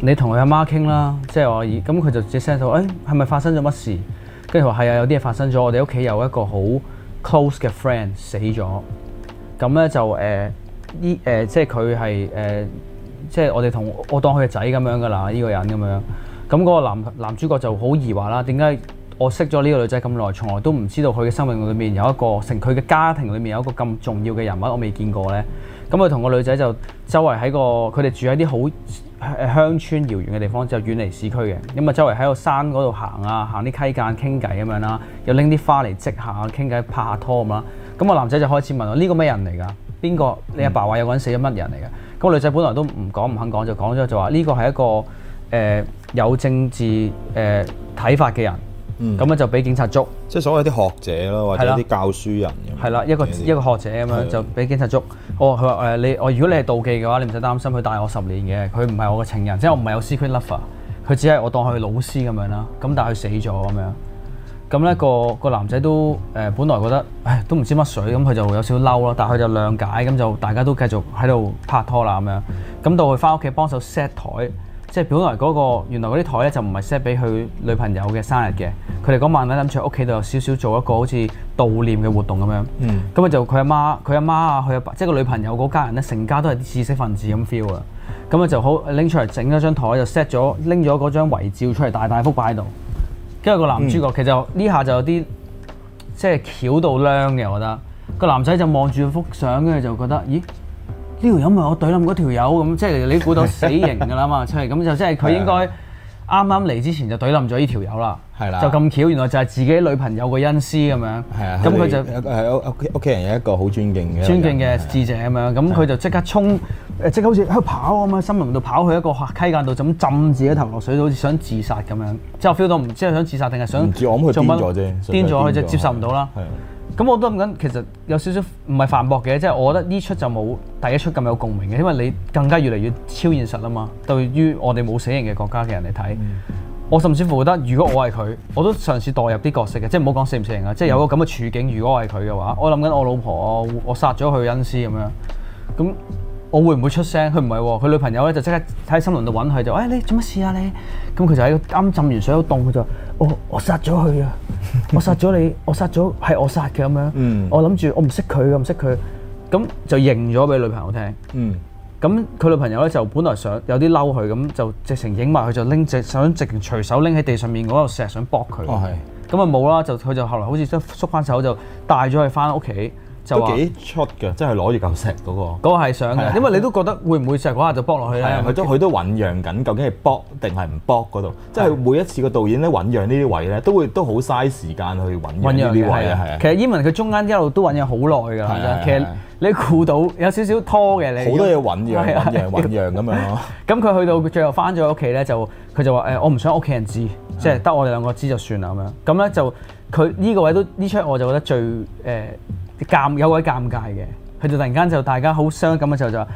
你同佢阿媽傾啦，即係我咁佢就即刻就誒，係咪發生咗乜事？跟住話係啊，有啲嘢發生咗，我哋屋企有一個好 close 嘅 friend 死咗，咁咧就誒依誒即係佢係誒。呃即係我哋同我當佢個仔咁樣㗎啦，呢、這個人咁樣。咁嗰個男男主角就好疑惑啦。點解我識咗呢個女仔咁耐，從來都唔知道佢嘅生命裏面有一個成佢嘅家庭裏面有一個咁重要嘅人物，我未見過呢。」咁佢同個女仔就周圍喺個佢哋住喺啲好鄉村遙遠嘅地方，就遠離市區嘅。咁啊，周圍喺個山嗰度行啊，行啲溪澗傾偈咁樣啦，又拎啲花嚟植下，傾偈拍下拖咁啦。咁個男仔就開始問我：呢個咩人嚟㗎？邊個？你阿爸話有個人死咗，乜人嚟㗎？個女仔本來都唔講，唔肯講，就講咗就話呢個係一個誒、呃、有政治誒睇、呃、法嘅人，咁樣、嗯、就俾警察捉、嗯。即係所謂啲學者咯，或者啲教書人咁。係啦，一個一個學者咁樣的就俾警察捉。我話佢話誒你，我如果你係妒忌嘅話，你唔使擔心，佢帶我十年嘅，佢唔係我嘅情人，即係、嗯、我唔係有 secret lover，佢只係我當佢老師咁樣啦。咁但係佢死咗咁樣。咁咧個個男仔都誒、呃，本來覺得，唉，都唔知乜水，咁、嗯、佢就有少嬲啦，但係佢就諒解，咁、嗯、就大家都繼續喺度拍拖啦咁樣。咁到佢翻屋企幫手 set 台，即係本來嗰、嗰個原來嗰啲台咧就唔係 set 俾佢女朋友嘅生日嘅。佢哋嗰晚咧諗住屋企度有少少做一個好似悼念嘅活動咁樣，咁咪、嗯、就佢阿媽、佢阿媽啊、佢阿爸，即係個女朋友嗰家人咧，成家都係啲知識分子咁 feel 啊。咁咪就好拎出嚟整咗張台就 set 咗，拎咗嗰張遺照出嚟，大大幅擺喺度。因為個男主角、嗯、其實呢下就有啲即係巧到靚嘅。我覺得個男仔就望住幅相，跟住就覺得咦，呢條友咪我懟冧嗰條友咁，即係你估到死刑㗎啦嘛，係咁 就即係佢應該。 啱啱嚟之前就對冧咗呢條友啦，係啦的，就咁巧，原來就係自己女朋友嘅恩師咁樣，係啊的，咁佢就係屋屋屋企人有一個好尊敬嘅尊敬嘅智者咁樣，咁佢的就即刻衝，誒即的刻好似喺度跑啊嘛，森林度跑去一個溪溪間度，咁浸自己頭落水，好似想自殺咁樣，之後 feel 到唔知係想自殺定係想唔知佢癲咗啫，癲咗佢就接受唔到啦。咁我都諗緊，其實有少少唔係反駁嘅，即係我覺得呢出就冇第一出咁有共鳴嘅，因為你更加越嚟越超現實啦嘛。對於我哋冇死刑嘅國家嘅人嚟睇，嗯、我甚至乎覺得，如果我係佢，我都嘗試代入啲角色嘅，即係唔好講死唔死刑啊，嗯、即係有個咁嘅處境。如果我係佢嘅話，我諗緊我老婆，我殺咗佢恩師咁樣，咁。我會唔會出聲？佢唔係喎，佢女朋友咧就即刻喺森林度揾佢就，哎，你做乜事啊你？咁佢就喺啱浸完水好凍，佢就話，我我殺咗佢啊！我殺咗 你，我殺咗，係我殺嘅咁樣。嗯。我諗住我唔識佢嘅，唔識佢。咁就認咗俾女朋友聽。嗯。咁佢女朋友咧就本來想有啲嬲佢，咁就直情影埋佢，就拎直想直情隨手拎喺地上面嗰度，成日想駁佢。哦，係。咁啊冇啦，就佢就後嚟好似想縮翻手就帶咗佢翻屋企。就幾出嘅，即係攞住嚿石嗰個。嗰個係想嘅，因為你都覺得會唔會石嗰下就崩落去咧？係，佢都佢都醞釀緊，究竟係崩定係唔崩嗰度？即係每一次個導演咧醞釀呢啲位咧，都會都好嘥時間去醞釀呢位啊。係啊，其實英文佢中間一路都醞釀好耐㗎啦。係啊，其實你估到有少少拖嘅，你好多嘢醞釀，醞釀醞釀咁樣。咁佢去到最後翻咗屋企咧，就佢就話誒，我唔想屋企人知，即係得我哋兩個知就算啦咁樣。咁咧就佢呢個位都呢出，我就覺得最誒。尷有位尷尬嘅，佢就突然間就大家好傷感嘅時候就誒，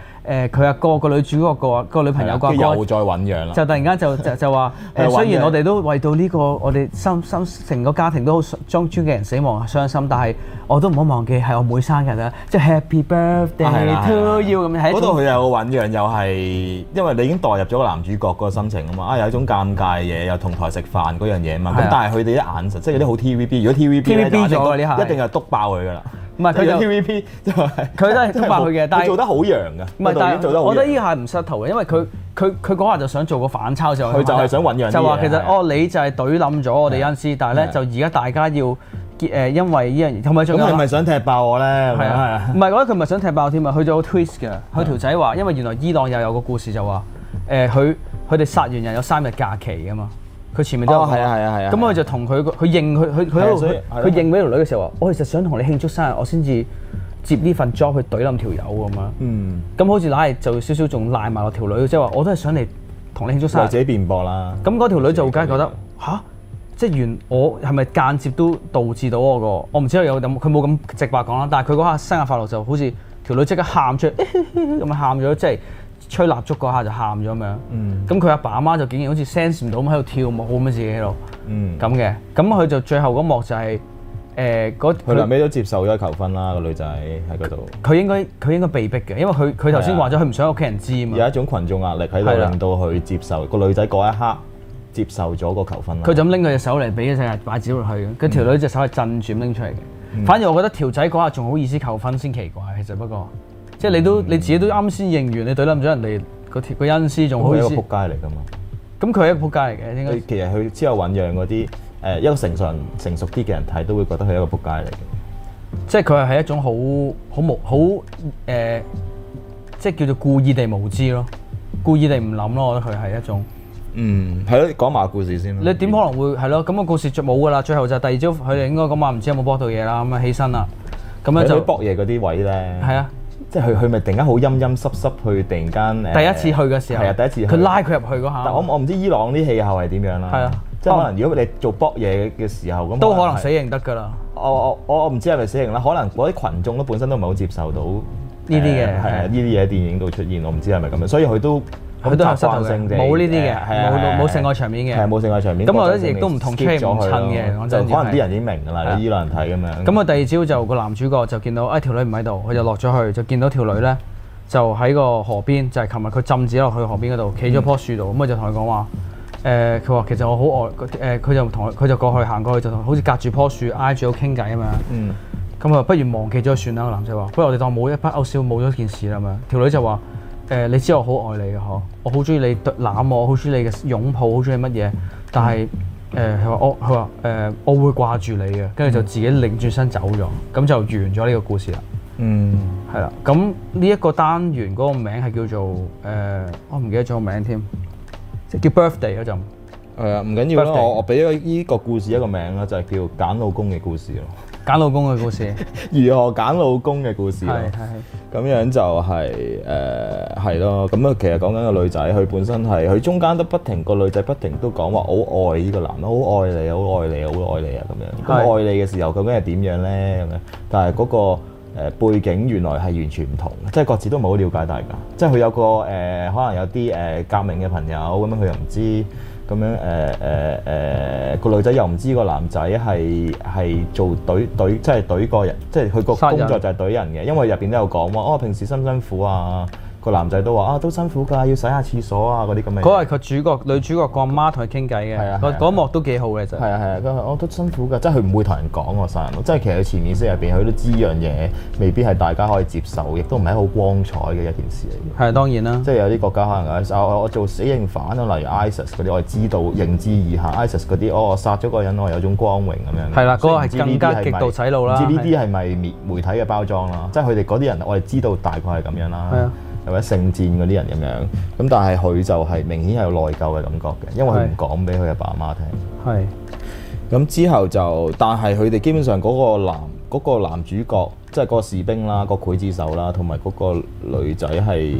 佢話個個女主角個個女朋友掛。又再揾樣啦。就突然間就就就話誒， 雖然我哋都為到呢、呢個我哋心心成個家庭都好莊村嘅人死亡傷心，但係我都唔好忘記係我妹，妹生日啦，即係 Happy Birthday to you 咁喺。嗰度佢又揾樣，又係因為你已經代入咗個男主角嗰個心情啊嘛，啊有一種尷尬嘢，又同台食飯嗰樣嘢嘛，咁、啊、但係佢哋啲眼神即係有啲好 TVB，如果 TVB 一定係督是爆佢噶啦。唔係佢 TVP，佢都係通話佢嘅，但係做得好揚噶。唔係，但係我覺得呢下唔失圖嘅，因為佢佢佢嗰下就想做個反抄就話，佢就係想醖釀啲嘢。就話其實哦，你就係懟冧咗我哋恩師，但係咧就而家大家要結誒，因為呢樣同埋最緊要。咁你係想踢爆我咧？係啊係啊，唔係我覺得佢唔係想踢爆添啊，佢仲有 twist 㗎。佢條仔話，因為原來伊朗又有個故事，就話誒，佢佢哋殺完人有三日假期㗎嘛。佢前面都係啊，係啊、oh, 吧，係啊！咁佢就同佢，佢認佢，佢佢喺度，佢認嗰條女嘅時候話：我其實想同你慶祝生日，我先至接呢份 job 去懟冧條友咁樣。嗯，咁好似賴做少少，仲賴埋我條女，即係話我都係想嚟同你慶祝生日。自己辯駁啦。咁嗰條女就梗係覺得吓、啊？即係原我係咪間接都導致到我個？我唔知佢有冇，佢冇咁直白講啦。但係佢嗰下生日快樂就好似條女刻 即刻喊出咁咪喊咗即係。吹蠟燭嗰下就喊咗咁樣，咁佢阿爸阿媽就竟然好似 sense 唔到咁喺度跳舞咁樣自己喺度咁嘅，咁佢、嗯、就最後嗰幕就係誒佢後尾都接受咗求婚啦，個女仔喺嗰度，佢應該佢應該被逼嘅，因為佢佢頭先話咗佢唔想屋企人知啊嘛，有一種群眾壓力喺度令到佢接受個的女仔嗰一刻接受咗個求婚，佢就咁拎佢隻手嚟俾啲細路擺紙落去嘅，佢條、嗯、女隻手係震住拎出嚟嘅。嗯、反而我覺得條仔嗰下仲好意思求婚先奇怪，其實不過。即係你都你自己都啱先認完，你對冧咗人哋個個恩師仲好意思？咁佢係一個撲街嚟嘅嘛？咁佢係一個撲街嚟嘅。應該其實佢之後揾養嗰啲誒一個成熟成熟啲嘅人睇都會覺得佢係一個撲街嚟嘅。即係佢係係一種好好無好誒，即係叫做故意地無知咯，故意地唔諗咯。我覺得佢係一種嗯係咯，講埋個故事先啦。你點可能會係咯？咁個故事就冇㗎啦。最後就第二朝，佢哋應該嗰晚唔知有冇搏到嘢啦。咁啊起身啦，咁樣就搏嘢嗰啲位咧。係啊。即係佢佢咪突然間好陰陰濕濕，濕，佢突然間誒。呃、第一次去嘅時候係啊，第一次去。佢拉佢入去嗰下。但我我唔知伊朗啲氣候係點樣啦。係啊，即係可能如果你做搏嘢嘅時候咁。都可能、啊、係係死刑得㗎啦。我我我唔知係咪死刑啦，可能嗰啲群眾都本身都唔係好接受到呢啲嘢，係啊，呢啲嘢喺電影度出現，我唔知係咪咁樣，所以佢都。佢都有插塞頭嘅，冇呢啲嘅，冇冇性愛場面嘅。冇性愛場面。咁我覺得亦都唔同 t r a 唔襯嘅。就可能啲人已經明㗎啦，伊朗人睇咁樣。咁啊，第二朝就個男主角就見到啊條女唔喺度，佢就落咗去，就見到條女咧就喺個河邊，就係琴日佢浸子落去河邊嗰度，企咗棵樹度。咁我就同佢講話，誒佢話其實我好愛，誒佢就同佢就過去行過去，就好似隔住棵樹挨住我傾偈咁樣。咁啊，不如忘記咗算啦。個男仔話，不如我哋當冇一筆勾銷，冇咗件事啦嘛。條女就話。誒，你知我好愛你嘅嗬，我好中意你攬我，好中意你嘅擁抱，好中意乜嘢。但係誒，佢話、嗯呃、我，佢話誒，我會掛住你嘅，跟住就自己擰轉身走咗，咁就完咗呢個故事啦。嗯，係啦。咁呢一個單元嗰個名係叫做誒、呃，我唔記得咗個名添，即叫 Birthday 種、嗯、Birthday 嗰陣。唔緊要，我我俾咗依個故事一個名啦，就係、是、叫《簡老公嘅故事》咯。揀老公嘅故， 故事，如何揀老公嘅故事係係咁樣就係誒係咯，咁、呃、啊其實講緊個女仔，佢本身係佢中間都不停個女仔不停都講話好愛呢個男嘅，好愛你，好愛你，好愛你啊咁樣。咁的愛你嘅時候究竟係點樣呢？咁樣，但係嗰個誒背景原來係完全唔同，即係各自都唔係好了解大家，即係佢有個誒、呃、可能有啲誒革命嘅朋友咁樣，佢又唔知。咁樣誒誒誒，個女仔又唔知個男仔係係做懟懟，即係懟個人，即係佢個工作就係懟人嘅，因為入邊都有講話哦，平時辛唔辛苦啊？個男仔都話啊，都辛苦㗎，要洗下廁所啊，嗰啲咁嘅。嗰係佢主角、女主角個阿媽同佢傾偈嘅，嗰嗰幕都幾好嘅就。係啊係啊，佢話我都辛苦㗎，即係佢唔會同人講我殺人咯。即係其實佢潛意識入邊，佢都知依樣嘢未必係大家可以接受，亦都唔係好光彩嘅一件事嚟。係當然啦，即係有啲國家可能我做死刑犯啊，例如 ISIS 嗰啲，我係知道認知以下 ISIS 嗰啲，我殺咗個人，我有種光榮咁樣。係啦，嗰個係更加極度洗腦啦。唔知呢啲係咪媒媒體嘅包裝啦？即係佢哋嗰啲人，我係知道大概係咁樣啦。或者聖戰嗰啲人咁樣，咁但係佢就係明顯係有內疚嘅感覺嘅，因為佢唔講俾佢阿爸阿媽聽。係。咁之後就，但係佢哋基本上嗰個男嗰個男主角，即係嗰個士兵啦、個劊子手啦，同埋嗰個女仔係，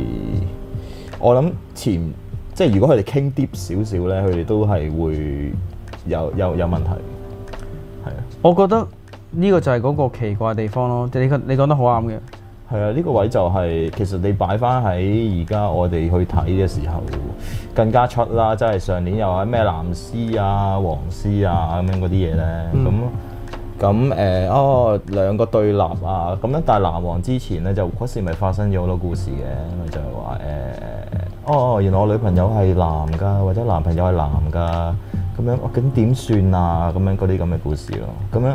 我諗前即係如果佢哋傾啲少少咧，佢哋都係會有有有問題。係啊，我覺得呢個就係嗰個奇怪嘅地方咯。你你講得好啱嘅。係啊，呢個位就係。其實你擺翻喺而家我哋去睇嘅時候更加出啦，即係上年又係咩藍絲啊、黃絲啊咁樣嗰啲嘢咧，咁咁誒哦兩個對立啊，咁樣但係藍黃之前咧就嗰時咪發生咗好多故事嘅，咪就係話誒哦原來我女朋友係男㗎，或者男朋友係男㗎，咁樣咁點算啊？咁樣嗰啲咁嘅故事咯，咁樣。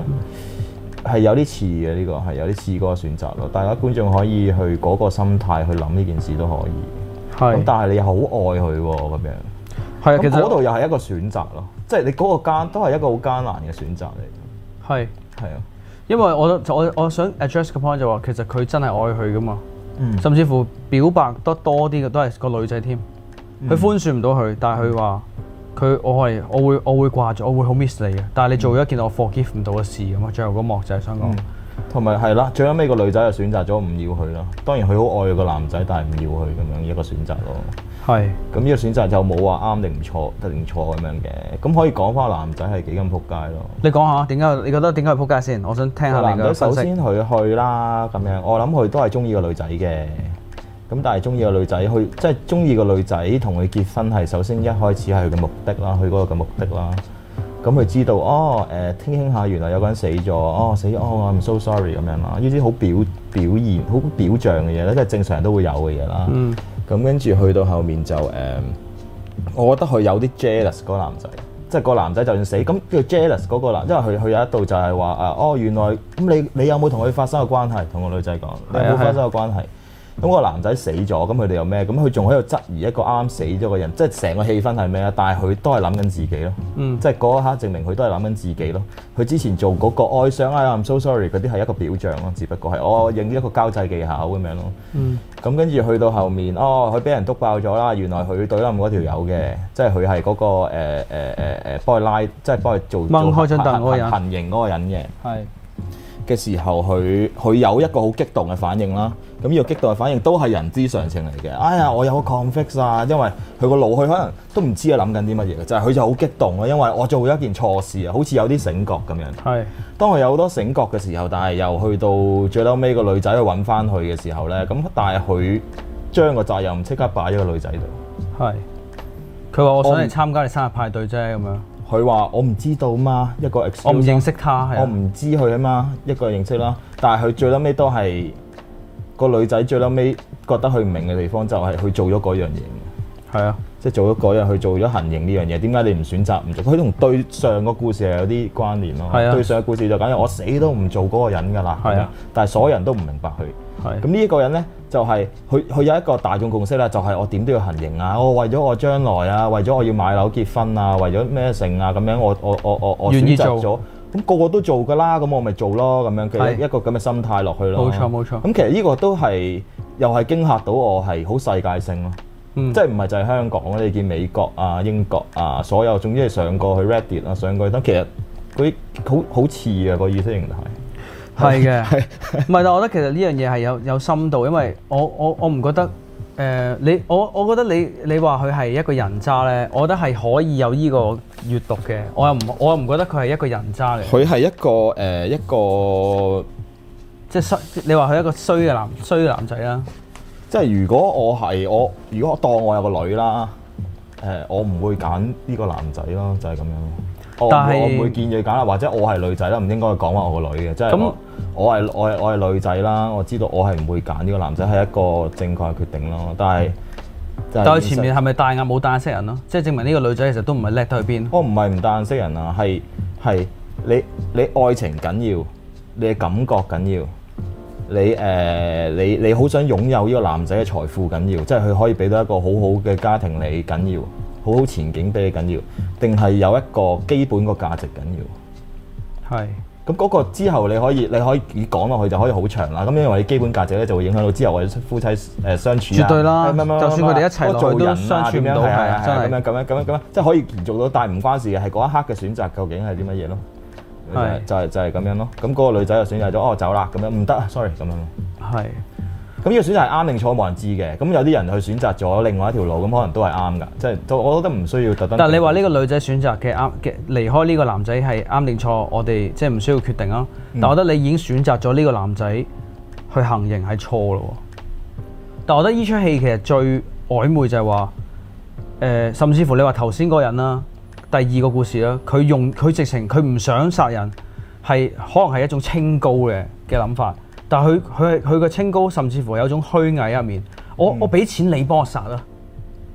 係有啲似嘅，呢、這個係有啲似嗰個選擇咯。大家觀眾可以去嗰個心態去諗呢件事都可以。係咁是，但係你又好愛佢喎、哦，咁樣係其實嗰度又係一個選擇咯。即係你嗰個艱都係一個好艱難嘅選擇嚟。係係是啊，因為我我我想 address 嘅 point 就話，其實佢真係愛佢㗎嘛。嗯、甚至乎表白得多啲嘅都係個女仔添，佢寬恕唔到佢，嗯、但係佢話。佢我係我會我會掛住我會好 miss 你嘅，但係你做咗一件我 forgive 唔到嘅事咁啊，最後嗰幕就係想講，同埋係啦，最後尾個女仔就選擇咗唔要佢咯。當然佢好愛個男仔，但係唔要佢，咁樣一個選擇咯。係是，咁呢個選擇就冇話啱定唔錯得定錯咁樣嘅。咁可以講翻個男仔係幾咁撲街咯？你講下點解？你覺得點解佢撲街先？我想聽下你嘅。男仔首先佢去啦，咁樣我諗佢都係中意個女仔嘅。咁但係中意個女仔，去即係中意個女仔同佢結婚係首先一開始係佢嘅目的啦，佢嗰個嘅目的啦。咁佢知道哦，誒、呃、聽聽下原來有個人死咗，哦死咗 o、哦、I'm so sorry 咁樣啦，呢啲好表表現、好表象嘅嘢咧，即係正常人都會有嘅嘢啦。咁跟住去到後面就誒、呃，我覺得佢有啲 jealous 嗰個男仔，即係個男仔就算死咁，叫、嗰個、jealous 嗰個男，因為佢佢有一度就係話誒，哦原來咁你你有冇同佢發生過關係，同個女仔講，你有冇發生過關係？咁個男仔死咗，咁佢哋又咩？咁佢仲喺度質疑一個啱死咗嘅人，即係成個氣氛係咩啊？但係佢都係諗緊自己咯，即係嗰一刻證明佢都係諗緊自己咯。佢之前做嗰個哀傷啊，I'm so sorry 嗰啲係一個表象咯，只不過係我影一個交際技巧咁樣咯。咁跟住去到後面，哦，佢俾人篤爆咗啦。原來佢對冧嗰條友嘅，即係佢係嗰個誒誒誒誒幫佢拉，即係幫佢做掹開張凳。愛人、行刑嗰個人嘅。係嘅時候，佢佢有一個好激動嘅反應啦。咁呢個激動反應都係人之常情嚟嘅。哎呀，我有個 conflict 啊，因為佢個腦佢可能都唔知啊諗緊啲乜嘢就係、是、佢就好激動啊。因為我做咗一件錯事啊，好似有啲醒覺咁樣。係是。當佢有好多醒覺嘅時候，但係又去到最嬲尾個女仔去揾翻佢嘅時候呢。咁但係佢將個責任即刻擺咗個女仔度。係。佢話：我想嚟參加你生日派對啫，咁樣不。佢話：我唔知道嘛，一個 ex。我唔認識他。我唔知佢啊嘛，一個認識啦。但係佢最嬲尾都係。個女仔最撚尾覺得佢唔明嘅地方就係佢做咗嗰樣嘢，係啊，即係做咗嗰樣去做咗行刑呢樣嘢。點解你唔選擇唔做？佢同對上個故事係有啲關聯咯。係啊，對上嘅故事就簡直我死都唔做嗰個人㗎啦。係啊，但係所有人都唔明白佢。係，啊，咁呢一個人咧就係佢佢有一個大眾共識啦，就係、係、我點都要行刑啊！我為咗我將來啊，為咗我要買樓結婚啊，為咗咩成啊咁樣，我我我我我，我選擇咗。咁個個都做㗎啦，咁我咪做咯，咁樣嘅是一個咁嘅心態落去咯。冇錯冇錯。咁其實呢個都係又係驚嚇到我，係好世界性咯。嗯、即係唔係就係香港，你見美國啊、英國啊，所有總之係上過去 Reddit 啊、上過去，等其實嗰啲好好似啊個意識形態。係嘅的。係。唔係，但我覺得其實呢樣嘢係有有深度，因為我我我唔覺得誒、呃、你我我覺得你你話佢係一個人渣咧，我覺得係可以有呢、這個。閱讀嘅，我又唔，我又唔覺得佢係一個人渣嚟。佢係一個誒一個，即係你話佢一個衰嘅男衰嘅男仔啦。即係如果我係我，如果我當我有個女啦，誒、呃，我唔會揀呢個男仔咯，就係、是、咁樣。我但是我唔會建議揀啦，或者我係女仔啦，唔應該講話我個女嘅，即、就、係、是、我那我係我係我係女仔啦。我知道我係唔會揀呢個男仔係一個正確嘅決定咯，但係。但前面係咪大眼冇戴眼識人咯，啊？即係證明呢個女仔其實都唔係叻到去邊。哦，唔係唔戴眼識人啊，係係你你愛情緊要，你嘅感覺緊要，你誒、呃、你你好想擁有呢個男仔嘅財富緊要，即係佢可以俾到一個好好嘅家庭你緊要，好好前景俾你緊要，定係有一個基本個價值緊要。係。咁嗰個之後你可以你可以以講落去就可以好長啦。咁因為你基本價值咧就會影響到之後或者夫妻誒相處啊。絕對啦，就算佢哋一齊落嚟都相處到，係係咁樣咁樣咁樣咁樣，樣，樣，即係可以做到，但係唔關事嘅係嗰一刻嘅選擇究竟係啲乜嘢咯。就係就係咁樣咯。咁、那、嗰個女仔就選擇咗哦走啦咁樣，唔得啊，sorry 咁樣。係。咁呢個選擇係啱定錯，冇人知嘅。咁有啲人去選擇咗另外一條路，咁可能都係啱㗎。即係我覺得唔需要特登。但係你話呢個女仔選擇嘅啱嘅離開呢個男仔係啱定錯，我哋即係唔需要決定啦、啊。嗯、但我覺得你已經選擇咗呢個男仔去行刑係錯咯。但我覺得呢出戲其實最曖昧就係話，誒、呃，甚至乎你話頭先嗰個人啦、啊，第二個故事啦、啊，佢用佢直情佢唔想殺人，係可能係一種清高嘅嘅諗法。但係佢佢佢個清高，甚至乎有種虛偽入面。我、嗯、我俾錢你幫我殺啦、啊。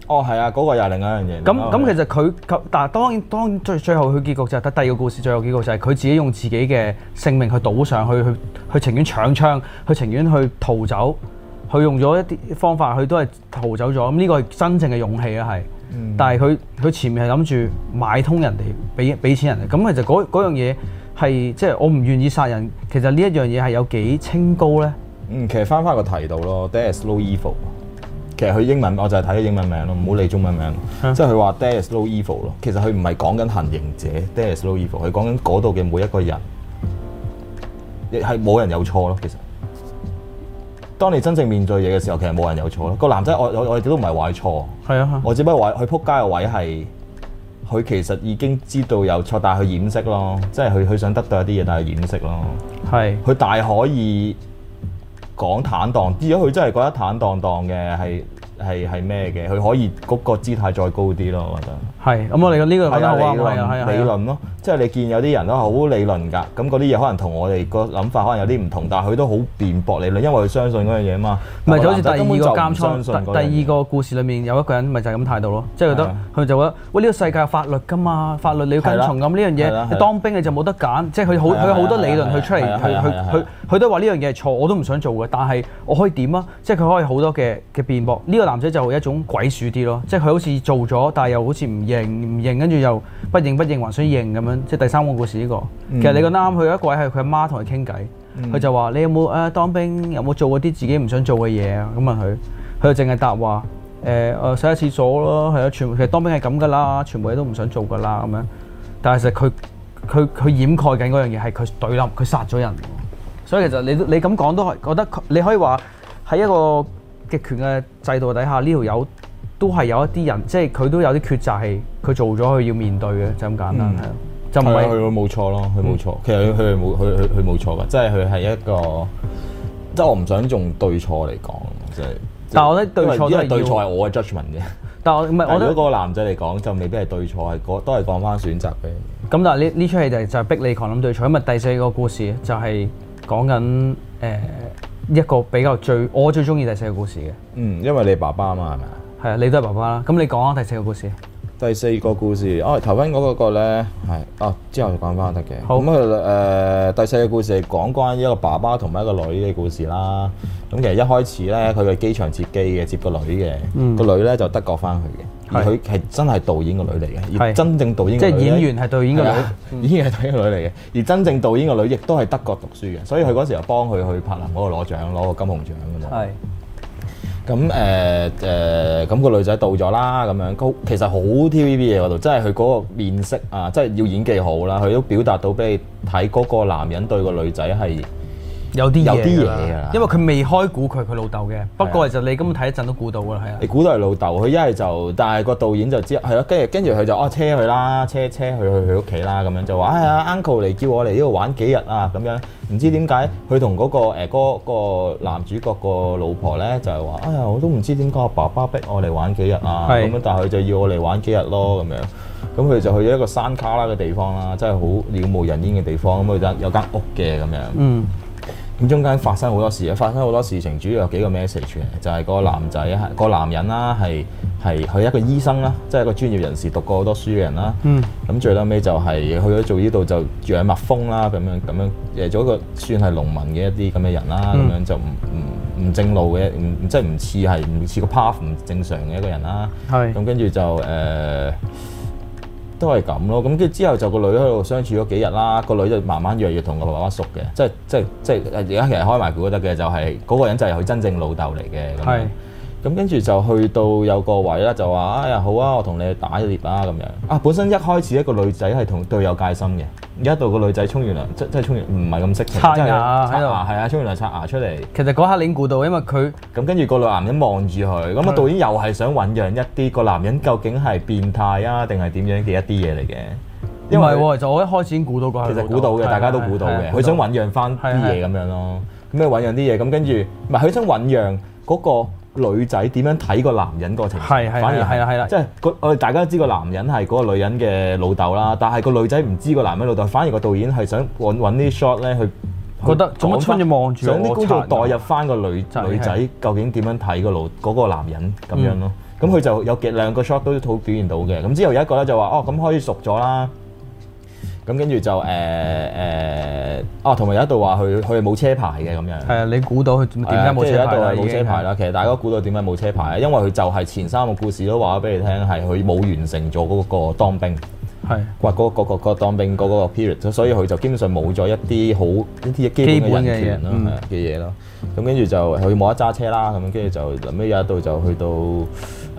哦，係啊，嗰、嗰個又係另一樣嘢。咁咁那其實佢但嗱，當然當然最最後佢結局就係、是、得第二個故事最後結局就係佢自己用自己嘅性命去賭上去去去情願搶槍，去情願去逃走。佢用咗一啲方法，佢都係逃走咗。咁呢個係真正嘅勇氣啊。係。嗯、但係佢佢前面係諗住買通人哋，俾俾錢俾人哋。咁其實嗰嗰樣嘢。係即係我唔願意殺人，其實呢一樣嘢係有幾清高咧。嗯，其實翻翻個題到咯，There is no evil。其實佢英文我就係睇佢英文名咯，唔好理中文名咯。即係佢話 There is no evil 咯，其實佢唔係講緊行刑者 There is no evil，佢講緊嗰度嘅每一個人亦係冇人有錯咯。其實當你真正面對嘢嘅時候，其實冇人有錯咯。個男仔我我我亦都唔係話錯，係啊，啊我只不過話佢撲街嘅位係。佢其實已經知道有錯，但係佢掩飾咯，即係佢佢想得到一啲嘢，但係掩飾咯。係是，佢大可以講坦蕩啲，如果佢真係覺得坦蕩蕩嘅，係係係咩嘅，佢可以嗰個姿態再高啲咯。我覺得係。咁我哋嘅呢個係呀係呀理論咯。即係你見有啲人都好理論㗎，咁嗰啲嘢可能同我哋個諗法可能有啲唔同，但係佢都好辯駁理論，因為佢相信嗰樣嘢啊嘛。唔係是，就好似第二個監倉，第二個故事裡面有一個人，咪就係咁態度咯。即係覺得佢的就覺得，喂呢個世界有法律㗎嘛，法律你要跟從咁呢的樣嘢。你當兵你就冇得揀。即係佢好，佢好的多理論佢出嚟，佢佢佢都話呢樣嘢係錯，我都唔想做嘅，但係我可以點啊？即係佢可以好多嘅嘅辯駁。呢個男仔就一種鬼鼠啲咯，即係佢好似做咗，但係又好似唔認唔認，跟住又不認不認，還想認咁樣。即係第三個故事呢、這個，其實你覺得啱，佢有一個位係佢阿媽同佢傾偈，佢、嗯、就話：你有冇誒當兵有冇做過啲自己唔想做嘅嘢啊？咁問佢，佢就淨係答話誒，我、呃呃、洗下廁所咯，係咯，全部其實當兵係咁噶啦，全部嘢都唔想做噶啦咁樣。但係其實佢佢佢掩蓋緊嗰樣嘢係佢對立，佢殺咗人。所以其實你你咁講都係覺得你可以話喺一個極權嘅制度底下，呢條友都係有一啲人，即係佢都有啲抉擇係佢做咗佢要面對嘅，就咁簡單係。嗯。就唔係佢冇錯咯，佢冇錯。錯嗯、其實佢冇佢佢冇錯㗎，即係佢係一個即係、就是、我唔想用對錯嚟講，即、就、係、是。但係我覺得對錯係對錯係我嘅 judgment 嘅。但係我唔係我覺得如果個男仔嚟講，就未必係對錯，係都係講翻選擇嘅。咁但係呢呢出戲就係逼你狂諗對錯，因為第四個故事就係講緊誒一個比較最我最中意第四個故事嘅。嗯，因為你爸爸嘛係咪啊？係啊，你都係爸爸啦。咁你講下、啊、第四個故事。第四個故事，哦，頭先嗰個咧，係，哦，之後講翻得嘅。好，咁佢誒第四個故事係講關於一個爸爸同埋一個女嘅故事啦。咁其實一開始咧，佢係機場接機嘅，接個女嘅。嗯。個女咧就德國翻去嘅，佢係真係導演個女嚟嘅，而真正導演。即係演員係導演個女。演員係導演個女嚟嘅，而真正導演個女亦都係德國讀書嘅，所以佢嗰時候幫佢去柏林嗰度攞獎，攞個金熊獎㗎嘛。係。咁誒誒，咁、呃呃個女仔到咗啦，咁樣，其實好 TVB 嘅嗰度，真係佢嗰個面色啊，即係要演技好啦，佢都表達到俾你睇嗰個男人對個女仔係。有啲嘢啦，因為佢未開估佢佢老豆嘅。不過就你咁睇一陣都估到噶啦，係啊，啊。你估到係老豆，佢一係就，但係個導演就知係咯、啊。跟住跟住佢就哦、啊、車佢啦，車車佢去佢屋企啦，咁樣就話哎呀 uncle 嚟叫我嚟、那個呃、呢度、就是哎、玩幾日啊咁是樣。唔知點解佢同嗰個誒嗰個男主角個老婆咧就係話哎呀我都唔知點解我爸爸逼我嚟玩幾日啊咁樣，但係佢就要我嚟玩幾日咯咁樣。咁佢就去咗一個山卡拉嘅地方啦，真係好渺無人煙嘅地方。咁佢得有間屋嘅咁樣。咁中間發生好多事啊！發生好多事情，主要有幾個 message，就係個男仔係個男人啦，係係佢一個醫生啦，即係一個專業人士，讀過好多書嘅人啦。嗯。咁最,最後尾就係去咗做呢度就養蜜蜂啦，咁樣咁樣誒做一個算係農民嘅一啲咁嘅人啦，咁樣就唔唔唔正路嘅，唔即係唔似係唔似個 path 唔正常嘅一個人啦。係。咁跟住就誒。呃都係咁咯，咁跟住之後就個女喺度相處咗幾日啦，個女就慢慢越嚟越同個爸爸熟嘅，即係即係即係而家其實開埋佢都得嘅，就係嗰個人就係佢真正老豆嚟嘅。係是。咁跟住就去到有個位啦，就話，哎呀，好啊，我同你打獵啦咁樣。啊，本身一開始一個女仔係同都有戒心嘅。而家度個女仔沖完涼，即真係沖完，唔係咁識。刷牙喺度，牙，係啊，沖完涼刷牙出嚟。其實嗰刻你已經估到，因為佢咁跟住個女男人望住佢，咁啊導演又係想醞釀一啲個男人究竟係變態啊定係點樣嘅一啲嘢嚟嘅。因為就我一開始已經估到嗰。其實估到嘅，大家都估到嘅。佢想醞釀翻啲嘢咁樣咯。咁咩醞釀啲嘢？咁跟住唔係佢想醞釀嗰個。女仔點樣睇個男人過程，反而係啦係啦，即係個我哋大家都知個男人係嗰個女人嘅老豆啦，但係個女仔唔知個男人老豆，反而個導演係想揾揾啲 shot 咧去覺得講翻，說 想啲觀眾代入翻個女是是女仔究竟點樣睇個老嗰個男人咁樣咯，咁佢、嗯嗯、就有幾兩個 shot 都好表現到嘅，咁之後有一個咧就話哦咁可以熟咗啦。咁跟住就誒誒、呃，啊同埋有一度話佢佢冇車牌嘅咁樣。係啊，你估到佢點解冇車牌？即係有一度係冇車牌啦。其實大家估到點解冇車牌啊？因為佢就係前三個故事都話咗俾你聽，係佢冇完成咗嗰個當兵。係的。或嗰、嗰個、嗰個、嗰個嗰個當兵嗰個 period，所以佢就基本上冇咗一啲好一啲基本嘅人權嘅嘢咯。咁跟住就佢冇得揸車啦。咁跟住就後尾有一度就去到。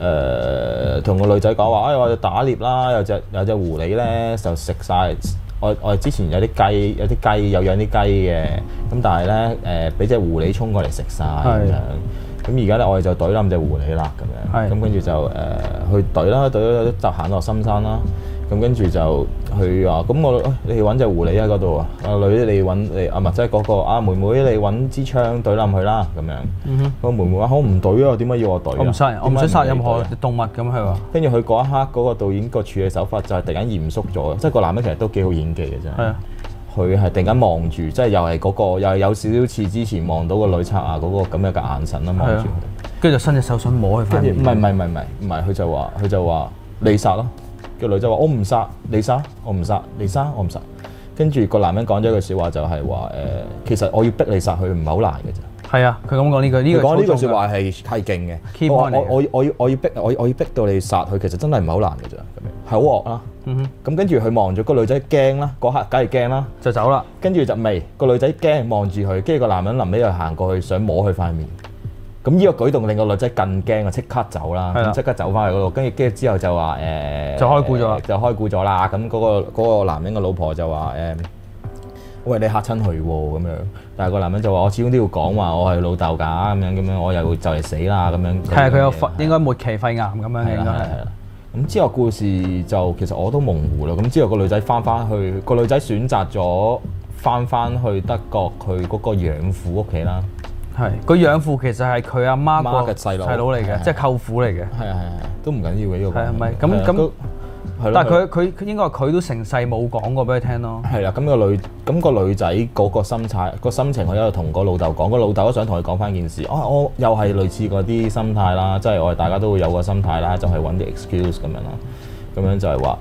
誒同、呃、個女仔講話，誒、哎、我哋打獵啦，有隻有隻狐狸咧就食晒。我我哋之前有啲雞，有啲雞有養啲雞嘅，咁但係咧誒俾隻狐狸衝過嚟食晒。咁的樣，咁而家咧我哋就懟冧隻狐狸啦咁樣，咁跟住就誒、呃、去懟啦，懟就行落深山啦。咁跟住就佢話，咁我你揾隻狐狸喺嗰度啊！阿女你揾你啊，唔係即係嗰個啊妹妹你揾支槍懟攬佢啦咁樣。嗯哼。個妹妹話好唔懟啊，點解要我懟啊？我唔殺，我唔想殺任何動物咁佢話。跟住佢嗰一刻，嗰個導演個處理手法就係突然間嚴肅咗，即係個男嘅其實都幾好演技嘅啫。係啊。佢係突然間望住，即係又係嗰個又係有少少似之前望到個女賊啊嗰個咁樣嘅眼神啦，望住佢。係啊。跟住就伸隻手想摸佢翻面。唔係唔係唔係唔係，佢就話佢就話你殺咯。個女仔話：我唔殺你殺，我唔殺你殺，我唔殺。跟住個男人講咗一句説話，就係話誒，其實我要逼你殺佢，唔係好難嘅啫。係啊，佢咁講呢句呢句説話係太勁嘅。我我我我我要我要逼我要逼我要逼到你殺佢，其實真係唔係好難嘅啫。係好惡啊！咁跟住佢望住個女仔驚啦，嗰刻梗係驚啦就走啦。跟住就未、個女仔驚望住佢，跟住個男人臨尾又行過去想摸佢塊面。咁呢個舉動令個女仔更驚，就即刻走啦。即的刻走翻去嗰度，跟住跟住之後就話誒，呃、就開估咗啦。就開估咗啦。咁嗰個男人嘅老婆就話誒，喂、呃、你嚇親佢喎咁樣。但係個男人就話我始終都要講話我係老豆㗎，咁樣咁樣，我又會就嚟死啦咁樣。係佢的有的應該肺的應該末期肺癌咁樣應該係。咁之後故事就其實我都模糊啦。咁之後個女仔翻翻去，個女仔選擇咗翻翻去德國佢嗰個養父屋企啦。係，佢養父其實係佢阿媽嘅細佬嚟嘅，即係舅父嚟嘅。係係啊，都唔緊要嘅。係唔係咁咁？但係佢佢佢應該佢都成世冇講過俾佢聽咯。係啦，咁個女咁個女仔嗰個心態個心情，佢一路同個老豆講，個老豆都想同佢講翻件事。我我又係類似嗰啲心態啦，即係我哋大家都會有個心態啦，就係揾啲 excuse 咁樣啦，咁樣就係話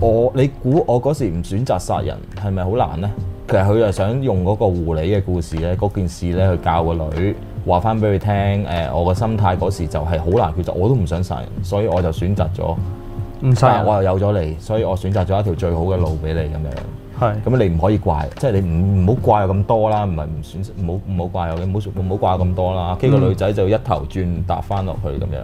我你估我嗰時唔選擇殺人係咪好難咧？其實佢又想用嗰個狐狸嘅故事咧，嗰件事咧去教個女話翻俾佢聽。誒、呃，我個心態嗰時就係好難抉擇，我都唔想殺人，所以我就選擇咗。唔使，我又有咗你，所以我選擇咗一條最好嘅路俾你咁樣。係是。咁你唔可以怪，即係你唔唔好怪我咁多啦，唔係唔選，唔好唔好怪我嘅，唔好唔好怪咁多啦。跟住個女仔就一頭轉搭翻落去咁樣。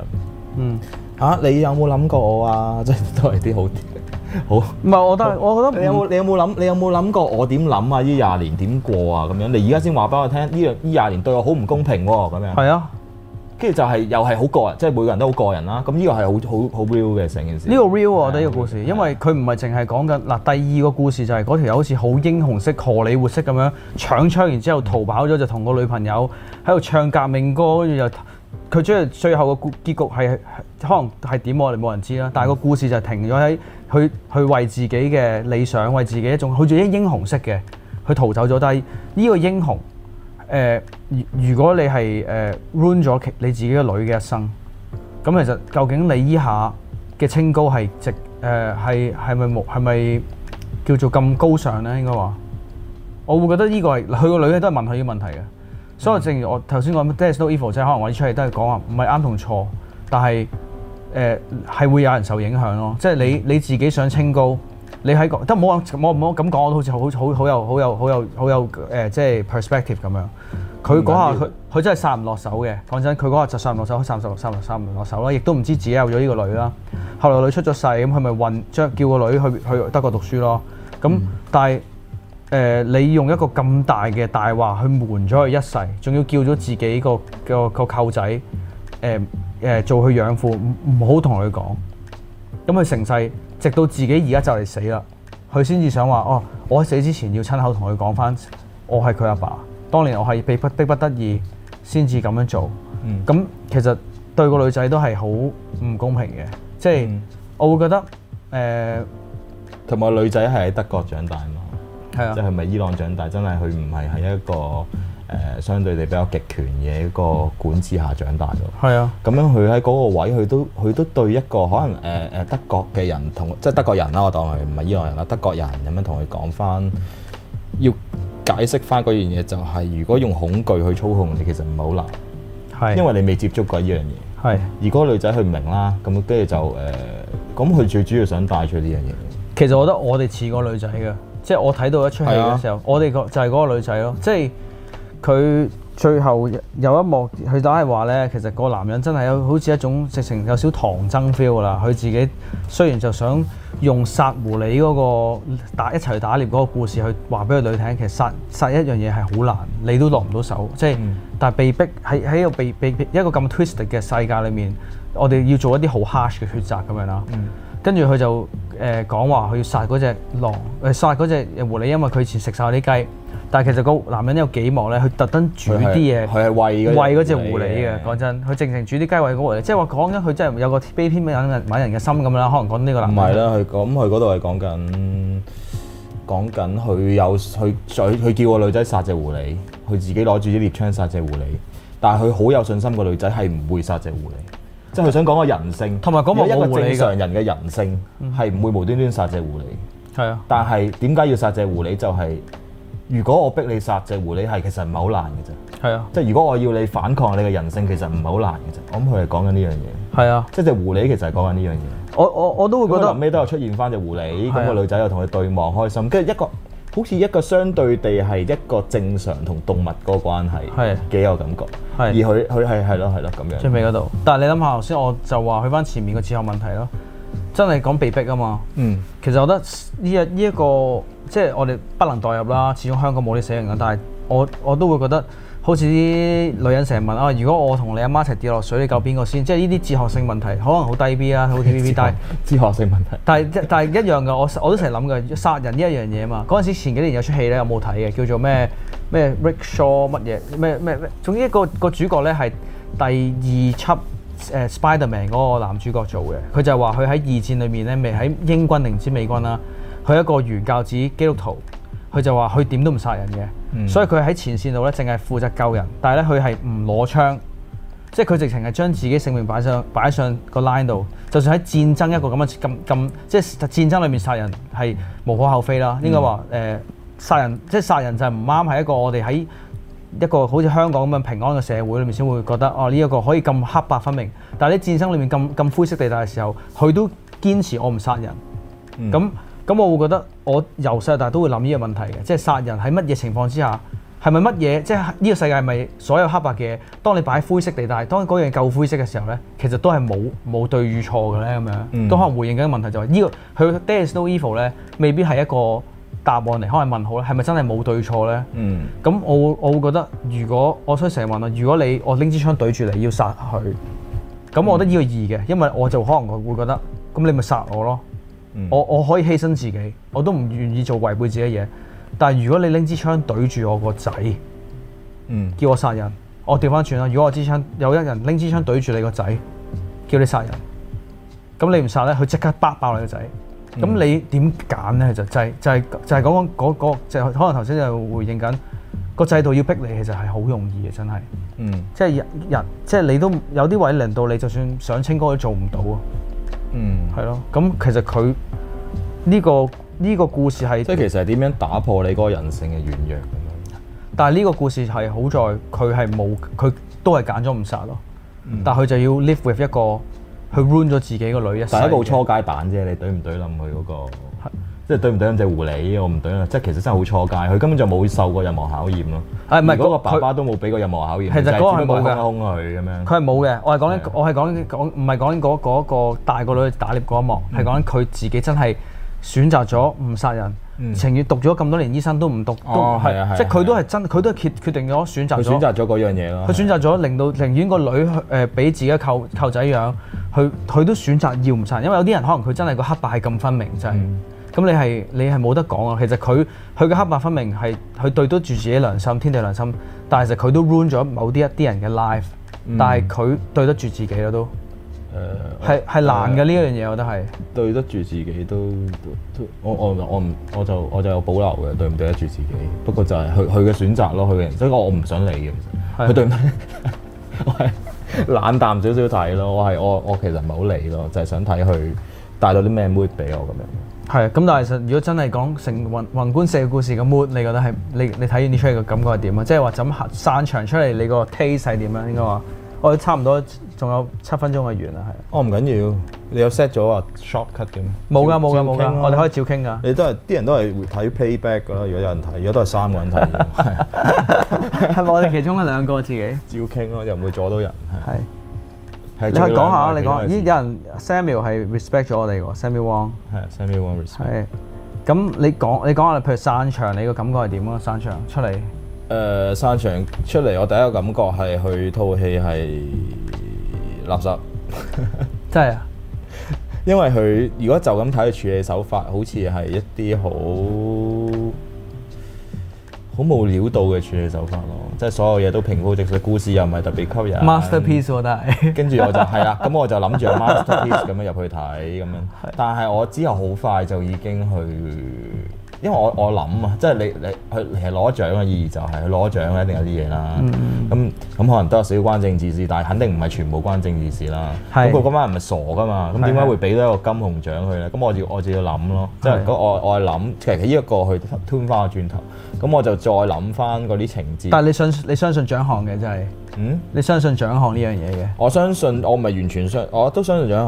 嗯。嚇、啊！你有冇諗過我啊？即 係都係啲好。 好，唔係我都，我覺得你有冇你有冇諗你有冇諗過我點諗啊？呢廿年點過啊？咁樣你而家先話俾我聽，呢個呢廿年對我好唔公平喎？咁樣係啊，跟住、啊、就係、是、又係好個人，即、就、係、是、每個人都好個人啦、啊。咁呢個係好好好 real 嘅成件事。呢個 real 喎、啊，我覺得呢、啊、個故事，啊、因為佢唔係淨係講緊嗱。啊、第二個故事就係嗰條友好似好英雄式、荷里活式咁樣搶槍，然之後逃跑咗，就同個女朋友喺度唱革命歌，跟住又，佢最最後個結局係可能係點我哋冇人知啦。但係個故事就停咗喺。去去為自己嘅理想，為自己一種去做一英雄式嘅去逃走咗，但係。呢個英雄，誒、呃，如如果你係誒 ruin 咗你自己個女嘅一生，咁其實究竟你依下嘅清高係值誒係係咪冇係咪叫做咁高尚咧？應該話，我會覺得呢個係佢個女咧都係問佢嘅問題嘅。所以我正如我頭先講，there is no evil，即係可能我啲出嚟都係講話唔係啱同錯，但係。誒係、呃、會有人受影響咯，即係你你自己想清高，你喺個得唔好我唔好唔咁講，我都好似好好好有好有好有好有誒，即係 perspective 咁樣。佢嗰下佢佢真係殺唔落手嘅，講真，佢嗰下就殺唔落手，殺唔落手，殺唔落手啦，亦都唔知自己有咗呢個女啦。後來女出咗世，咁佢咪運將叫個女去去德國讀書咯。咁但係誒、呃，你用一個咁大嘅大話去瞞咗佢一世，仲要叫咗自己、呢個個個舅仔誒。呃誒做佢養父，唔好同佢講。咁佢成世，直到自己而家就嚟死啦，佢先至想話：哦，我喺死之前要親口同佢講翻，我係佢阿爸。當年我係被迫逼不得已先至咁樣做。咁、嗯、其實對個女仔都係好唔公平嘅。即、就、係、是嗯、我會覺得誒，同、呃、埋女仔係喺德國長大嘛，係啊，即係唔係伊朗長大？真係佢唔係喺一個。誒、呃，相對地比較極權嘅一個管治下長大咗，係啊。咁樣佢喺嗰個位，佢都佢都對一個可能誒誒、呃、德國嘅人同即係德國人啦，我當佢唔係伊朗人啦，德國人咁樣同佢講返，要解釋返嗰樣嘢就係、是，如果用恐懼去操控你，其實唔係好難，係、啊、因為你未接觸過呢樣嘢，係、啊。而嗰女仔佢唔明啦，咁跟住就誒，咁、呃、佢最主要想帶出呢樣嘢。其實我覺得我哋似個女仔嘅，即係我睇到一出戲嘅時候，啊、我哋就係嗰個女仔咯，即係。即佢最後有一幕，佢打係話咧，其實個男人真係有好似一種直情有少唐僧 feel 啦。佢自己雖然就想用殺狐狸嗰、嗰個打一齊打獵嗰個故事去話俾佢女聽，其實殺殺一樣嘢係好難，你都落唔到手。即係、嗯、但係被逼喺喺一個被被、被一個咁 twisted 嘅世界裏面，我哋要做一啲好 hard 嘅抉擇咁樣啦。嗯、跟住佢就誒講話，佢、呃、要殺嗰隻狼，誒殺嗰隻狐狸，因為佢以前食曬啲雞。但係其實個男人有幾忙咧？佢特登煮啲嘢，佢係餵嗰隻狐狸嘅。講真，佢正正煮啲雞餵嗰狐狸。即係話講緊佢真係有個悲天憫人、憫人嘅心咁啦。可能講呢個男唔係啦。佢咁佢嗰度係講緊講緊佢有佢佢叫個女仔殺隻狐狸，佢自己攞住支獵槍殺隻狐狸。但係佢好有信心個女仔係唔會殺隻狐狸。即係佢想講個人性，同埋講一個正常人嘅人性係唔會無端端、嗯、殺隻狐狸。係啊，但係點解要殺隻狐狸就係、是？如果我逼你殺隻狐狸，係其實唔係好難嘅啫。係是啊，即係如果我要你反抗你嘅人性，其實唔係好難嘅啫。我諗佢係講緊呢樣嘢。係是啊，即係隻狐狸其實係講緊呢樣嘢。我我我都會覺得後尾都有出現翻隻狐狸，咁是、啊、個女仔又同佢對望開心，跟住一個好似一個相對地係一個正常同動物嗰個關係，係幾是、啊、有感覺。係是、啊。而佢佢係係咯係咯咁樣。最尾嗰度。但係你諗下，頭先我就話去翻前面個最後問題咯，真係講被逼啊嘛。嗯。其實我覺得呢一呢一個。即係我哋不能代入啦，始終香港冇啲死人㗎。但係我我都會覺得，好似啲女人成日問啊：如果我同你阿媽，媽一齊跌落水，你救邊個先？即係呢啲哲學性問題，可能好低 B 啦學，好 TVB 是。但係哲學性問題。但係但係一樣㗎，我我都成日諗㗎，殺人呢一樣嘢嘛。嗰陣時前幾年有出戲咧，有冇睇嘅？叫做咩咩 Rickshaw 乜嘢咩咩咩？總之、嗰個、嗰個主角咧係第二輯誒、uh, Spider-Man 嗰個男主角做嘅。佢就話佢喺二戰裡面咧，未喺英軍定唔知美軍啦。佢一個原教旨基督徒，佢就話：佢點都唔殺人嘅，所以佢喺前線度咧，淨係負責救人。但係咧，佢係唔攞槍，即係佢直情係將自己性命擺上擺上個 line 度、嗯。就算喺戰爭一個咁樣咁咁，即係戰爭裏面殺人係無可厚非啦。應該話誒殺人，即係殺人就係唔啱。喺一個我哋喺一個好似香港咁樣平安嘅社會裏面先會覺得哦，呢一個可以咁黑白分明。但係喺戰爭裏面咁咁灰色地帶嘅時候，佢都堅持我唔殺人咁。咁我會覺得我由細到大都會諗呢個問題嘅，即係殺人喺乜嘢情況之下係咪乜嘢？即係呢個世界係咪所有黑白嘅嘢？當你擺灰色地帶，當嗰樣夠灰色嘅時候咧，其實都係冇冇對與錯嘅咧咁樣。嗯、都可能回應緊問題就係、是、呢、這個佢 there is no evil 咧，未必係一個答案嚟，可能問號，咧，係咪真係冇對錯咧？咁我我會覺得，如果我想成日問啊，如果你我拎支槍對住你要殺佢，咁我覺得呢個易嘅，因為我就可能會覺得，咁你咪殺我咯。我我可以犧牲自己，我都唔願意做違背自己嘅嘢。但係如果你拎支槍對住我個仔，嗯、叫我殺人，我調翻轉啦。如果我支槍有一人拎支槍對住你個仔，叫你殺人，咁你唔殺咧，佢即刻崩爆、爆你個仔。咁、嗯、你點揀咧？就係、就係、係、就係講講嗰嗰就可能頭先就回應緊個制度要逼你，其實係好容易嘅，真係。嗯，即係人即係、就係就係、你都有啲位令到你，就算想清高都做唔到啊。嗯，係咯，咁其實佢呢個呢個故事係即係其實係點樣打破你個人性嘅軟弱咁樣？但係呢個故事係好在佢係冇，佢都係揀咗唔殺咯，嗯、但係佢就要 live with 一個去 ruin 咗自己個女一。一，第一部初階版啫，你懟唔懟冧佢嗰個？即係對唔對？咁隻狐狸我唔對啦，即係其實真係好錯界，佢根本就冇受過任何考驗咯。誒唔係嗰個爸爸都冇俾過任何考驗，其實嗰個係空空佢咁樣，佢係冇嘅。我係講緊，我係講講唔係講緊嗰嗰個大個女打獵嗰一幕，係講緊佢自己真係選擇咗唔殺人，情願讀咗咁多年醫生都唔讀。哦，係即係佢都係真，佢都決決定咗選擇。佢選擇咗嗰樣嘢咯。佢選擇咗令到寧願個女誒俾自己舅舅仔養，佢佢都選擇要唔殺，因為有啲人可能佢真係個黑白係咁分明就係。咁你係你係冇得講啊。其實佢佢嘅黑白分明係佢對得住自己良心、天地良心，但係其實佢都 ruin 咗某啲一啲人嘅 life、嗯。但係佢對得住自己咯，都誒係係難嘅呢一樣嘢，呃、我覺得係對得住自己都、都我我我唔我就我就有保留嘅對唔對得住自己。不過就係佢佢嘅選擇咯，佢嘅人所以我我唔想理嘅。佢的對唔對？ 我係冷淡少少睇咯。我係我我其實唔係好理咯，就係、係、想睇佢帶到啲咩 mood 俾我咁樣。係啊，咁但係其實如果真係講成宏宏觀社嘅故事 mood，你覺得係你你睇完呢出戲個感覺係點啊？即係話怎散場出嚟，你個 taste 點樣？應該話我差唔多，仲有七分鐘嘅完啦，係。哦，唔緊要，你有 set 咗啊 short cut 咁。冇㗎，冇㗎，冇㗎、喔，我哋可以照傾㗎。你都係啲人都係睇 payback 噶，啦，如果有人睇，如果都係三個人睇。係咪我哋其中一兩個自己？照傾咯，又唔會阻到人，係的。你可以講下你講咦，有人 Samuel 係 respect 咗我哋喎，Samuel Wang，係，Samuel Wang respect。係，咁你講，你講下，譬如散場，你個感覺係點啊？散場出嚟。誒、呃，散場出嚟，我第一個感覺係佢套戲係垃圾。 真係啊！ 因為佢如果就咁睇佢處理手法，好似係一啲好。好冇料到嘅處理手法咯，即係所有嘢都平鋪直敍，故事又唔係特別吸引。Masterpiece 我得，跟住我就係啦，咁 我就諗住 masterpiece 咁樣入去睇咁樣， 但係我之後好快就已經去。因為我我諗啊，即係你你佢係攞獎嘅意義就係佢攞獎一定有啲嘢啦。咁咁、嗯、可能都有少少關政治事，但係肯定唔係全部關政治事啦。咁佢是今晚唔係傻㗎嘛？咁點解會俾到一個金熊獎佢咧？咁我要我就要諗咯，是即係我我係諗其實呢一個佢 turn 翻個轉頭，咁我就再諗翻嗰啲情節。但係你信你相信獎項嘅真係，嗯，你相信獎項呢樣嘢嘅？嗯、相我相信我唔係完全信，我都相信獎項。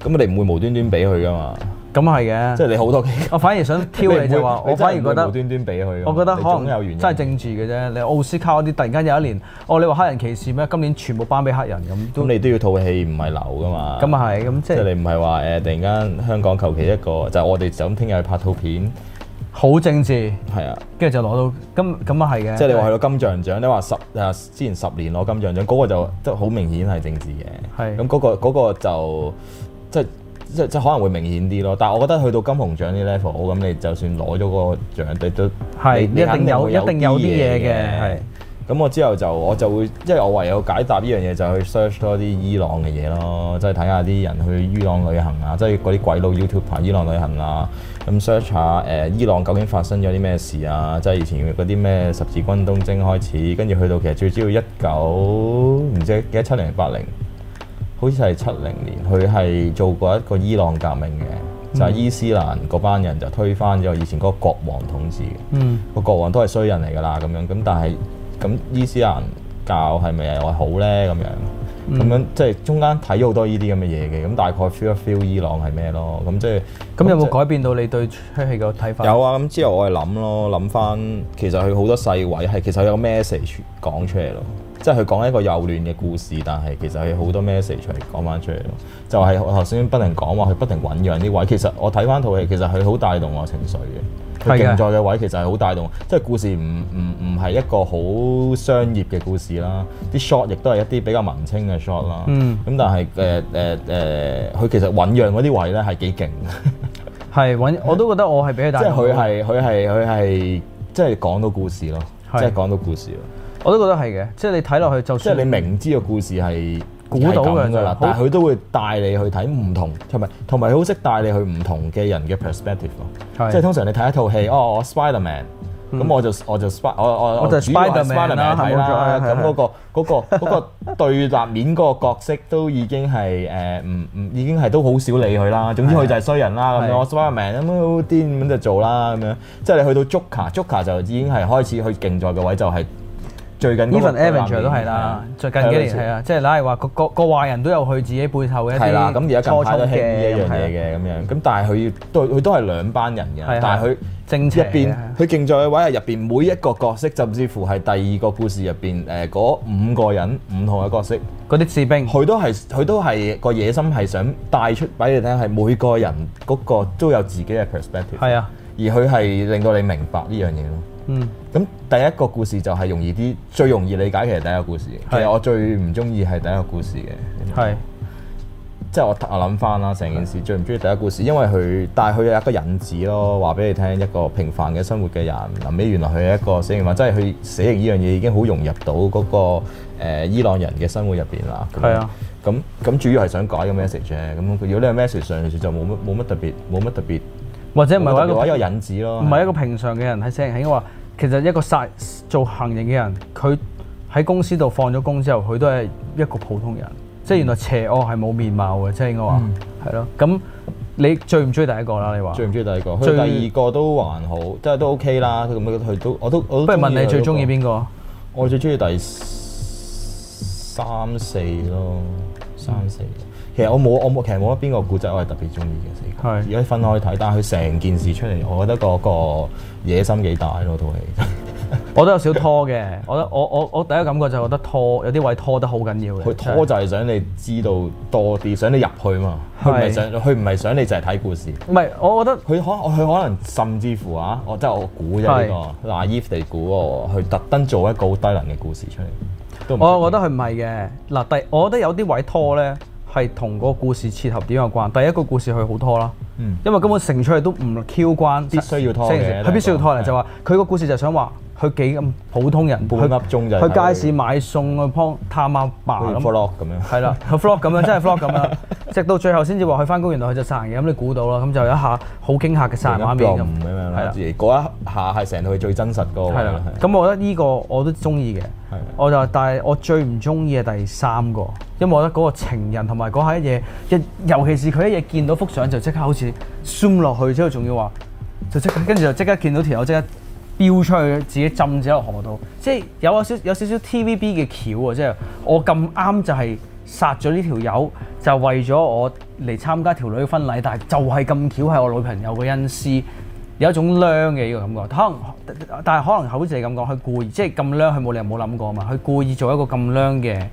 咁你唔會無端端俾佢㗎嘛？咁啊係嘅，即係你好多。我反而想挑你就話，我反而覺得無端端俾佢。我覺得可能真係政治嘅啫。你奧斯卡嗰啲突然間有一年，哦，你話黑人歧視咩？今年全部頒俾黑人咁。咁你都要套戲唔係流㗎嘛？咁啊係，咁即係。你唔係話誒，突然間香港求其一個，就我哋就噉聽日去拍套片。好政治。係啊。跟住就攞到金，咁啊係嘅。即係你話去到金像獎，你話十誒之前十年攞金像獎嗰個就都好明顯係政治嘅。係。咁嗰個嗰個就即係。即即可能會明顯啲咯，但係我覺得去到金熊獎啲 level，咁你就算攞咗個獎你都係是一定有一定有啲嘢嘅。係，咁我之後就我就會，即係我唯有解答呢樣嘢就去 search 多啲伊朗嘅嘢咯，即係睇下啲人去伊朗旅行啊，即係嗰啲鬼佬 YouTuber 伊朗旅行啊。咁 search 下誒伊朗究竟發生咗啲咩事啊？即係以前嗰啲咩十字軍東征開始，跟住去到其實最主要一九唔知幾一七零八零，好似係七零年，佢係做過一個伊朗革命嘅，就係、是、伊斯蘭嗰班人就推翻咗以前嗰個國王統治嘅，嗯、個國王都係衰人嚟㗎啦咁樣。咁但係咁伊斯蘭教係咪又好咧？咁樣咁、嗯、樣即係、就是、中間睇好多呢啲咁嘅嘢嘅。咁大概 feel 一 feel 伊朗係咩咯？咁即係咁有冇改變到你對出戲嘅睇法？有啊，咁之後我係諗咯，諗翻其實佢好多細位係其實有個 message 講出嚟咯。即係佢講一個幼嫩嘅故事，但係其實係好多 message 出嚟講翻出嚟咯。就係、是、我頭先不停講話佢不停醞釀啲位，其實我睇翻套戲，其實佢好帶動我情緒嘅。佢勁在嘅位其實係好帶動，的即係故事唔唔唔係一個好商業嘅故事啦。啲 shot 亦都係一啲比較文青嘅 shot 啦。咁、嗯、但係誒誒誒，佢、呃呃呃、其實醞釀嗰啲位咧係幾勁。係 我都覺得我係俾佢。即係佢係佢係佢係，即係講到故事咯，即係、就是、講到故事。是我都覺得係嘅，即係你睇落去，就算即係你明知個故事係估到咁樣嘅啦，但係佢都會帶你去睇唔同，同埋同埋好識帶你去唔同嘅人嘅 perspective 咯。即係通常你睇一套戲，哦，我 Spider Man，咁我就我就 Spider Man 啦，冇錯啦。咁嗰個嗰個對立面嗰個角色都已經係誒唔唔已經係都好少理佢啦。總之佢就係衰人啦咁樣，我 Spider Man 咁樣好癲咁就做啦咁樣。即係你去到 Joker，Joker 就已經係開始去競賽嘅位就係。最近嗰個漫畫，Even Avenger 都係啦，最近幾年係啊，即係嗱，係話個個個壞人都有佢自己背後嘅一啲初衷嘅一樣嘢嘅咁樣。咁但係佢要都佢都係兩班人嘅，但係佢正入邊佢勁在嘅位係入邊每一個角色，甚至乎係第二個故事入邊誒嗰五個人五號嘅角色，嗰啲士兵佢都係佢都係個野心係想帶出俾你聽，係每個人嗰個都有自己嘅 perspective，係啊，而佢係令到你明白呢樣嘢咯。嗯，咁第一個故事就係容易啲，最容易理解嘅係第一個故事。是的 其實我最唔中意係第一個故事嘅，係是的 即係我我諗翻啦，成件事最唔中意第一個故事，因為佢但係佢有一個引子咯，話俾你聽一個平凡嘅生活嘅人，諗起原來佢係一個死刑犯，是的 即係佢死刑呢樣嘢已經好融入到嗰、那個、呃、伊朗人嘅生活入邊啦。係啊，咁咁是的 主要係想改個 message 啫。咁如果你係 message 上就冇乜冇乜特別冇乜特別，特別或者唔係話一個引子咯，唔係一個平常嘅人係死刑，應該其實一個殺做行刑嘅人，佢喺公司度放咗工之後，佢都係一個普通人。即係原來邪惡係冇面貌嘅，即係應該話。係咯、嗯。咁你最唔中意第一個啦？你話最唔中意第二個，佢第二個都還好，即係都 OK 啦。佢咁樣，佢都我都我中意嘅。不如問你最中意邊個？我最中意第三四咯，三四、嗯。其實我冇，我冇，其實冇得邊個古仔我係特別中意嘅事，係，如果是分開睇，但係佢成件事出嚟，我覺得嗰個野心幾大咯。套戲 我都有少拖嘅，我覺得我我我第一感覺就係覺得拖，有啲位拖得好緊要嘅。佢拖就係想你知道多啲，想你入去嘛。佢唔係想，佢唔係想你淨係睇故事。唔係，我覺得佢可佢可能甚至乎啊，我即係我估咗呢個嗱，naive 地估，佢特登做一個好低能嘅故事出嚟。我覺得佢唔係嘅嗱，第我覺得有啲位拖咧。係同個故事切合點有關。第一個故事佢好拖啦，嗯、因為根本成出嚟都唔 Q 關，必須要拖，佢必須要拖嚟就話佢個故事就想話。佢幾咁普通人，半粒鐘就去街市買餸去探阿爸咁樣，係啦，佢 vlog 咁樣，真係 vlog 咁樣，直到最後先至話佢翻工，原來佢就殺人嘅，咁你估到啦，咁就一下好驚嚇嘅殺人畫面咁樣，係啦，嗰一下係成套最真實嘅，係啦，咁我覺得呢個我都中意嘅，我就但係我最唔中意嘅第三個，因為我覺得嗰個情人同埋嗰下嘢，尤尤其是佢一嘢見到幅相就即刻好似 o o zoom 落去，之後仲要話就即跟住就即刻見到條友即刻。飆出去，自己浸咗落河度，即係有有少有少少 TVB 嘅橋啊！即係我咁啱就係殺咗呢條友，就為咗我嚟參加條女嘅婚禮，但係就係咁巧係我女朋友嘅恩師，有一種僆嘅呢個感覺。可能但係可能好似你咁講，佢故意即係咁僆，佢冇理由冇諗過嘛？佢故意做一個咁僆嘅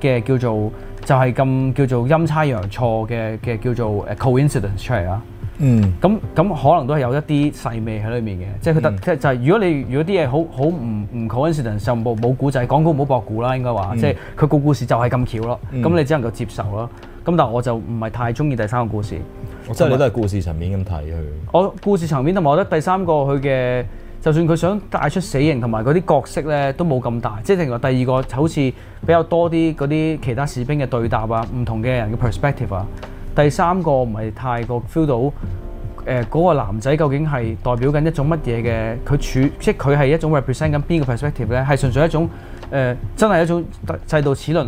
嘅叫做就係咁叫做陰差陽錯嘅嘅叫做誒 coincidence 出嚟啦。嗯，咁咁可能都係有一啲細味喺裏面嘅，即係佢得、嗯、即係就係如果你如果啲嘢好好唔唔 coincidence 就冇冇故仔，講古唔好駁古啦，應該話，嗯、即係佢個故事就係咁巧咯，咁、嗯、你只能夠接受咯，咁但係我就唔係太中意第三個故事，即係都係故事層面咁睇佢。我故事層面同埋我覺得第三個佢嘅，就算佢想帶出死刑同埋嗰啲角色咧，都冇咁大，即係另外第二個就好似比較多啲嗰啲其他士兵嘅對答啊，唔同嘅人嘅 perspective 啊。第三個唔係太過 feel 到，誒、呃、嗰、那個男仔究竟係代表緊一種乜嘢嘅？佢處即係佢係一種 represent 緊邊個 perspective 咧？係純粹一種誒、呃，真係一種制度齒輪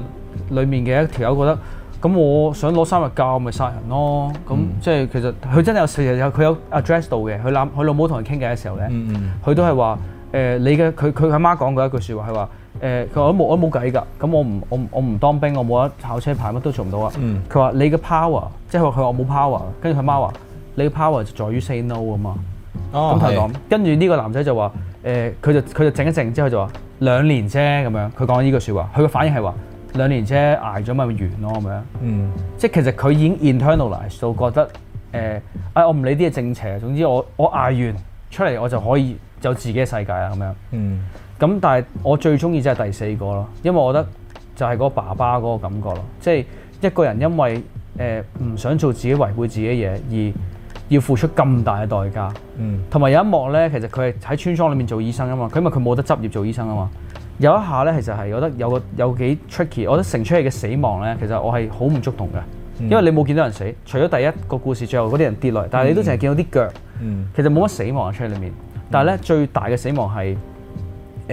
裡面嘅一條友覺得，咁、嗯、我想攞三日假，咪殺人咯。咁、嗯、即係其實佢真係有，其實有佢有 address 到嘅。佢諗佢老母同人傾偈嘅時候咧，佢、嗯嗯、都係話誒你嘅佢佢阿媽講過一句説話，係話，誒佢話我冇我冇計㗎，咁我唔我我唔當兵，我冇得考車牌，乜都做唔到啊！佢話、嗯、你嘅 power，即係話佢話我冇 power，跟住佢媽話你 power 就在於 say no 啊嘛。咁佢講，嗯、是跟住呢個男仔就話誒，佢、呃、就佢就靜一靜之後就話兩年啫咁樣。佢講呢句説話，佢嘅反應係話兩年啫，捱咗咪完咯咁樣。嗯，即係其實佢已經 internalize 到覺得誒啊、呃，我唔理啲嘢正邪，總之我我捱完出嚟我就可以有自己嘅世界啦咁樣。嗯。咁但係我最中意即係第四個咯，因為我覺得就係嗰爸爸嗰個感覺咯，即、就、係、是、一個人因為誒唔、呃、想做自己維護自己嘅嘢而要付出咁大嘅代價，嗯，同埋有一幕呢，其實佢係喺村莊裏面做醫生啊嘛，佢因為佢冇得執業做醫生啊嘛，有一下呢，其實係我覺得有個有幾 tricky，我覺得成出 r 嘅死亡呢，其實我係好唔觸動嘅，嗯、因為你冇見到人死，除咗第一個故事最後嗰啲人跌落嚟，但係你都淨係見到啲腳，嗯、其實冇乜死亡喺 t r 裏面，但係呢，最大嘅死亡係。誒，嗰、呃，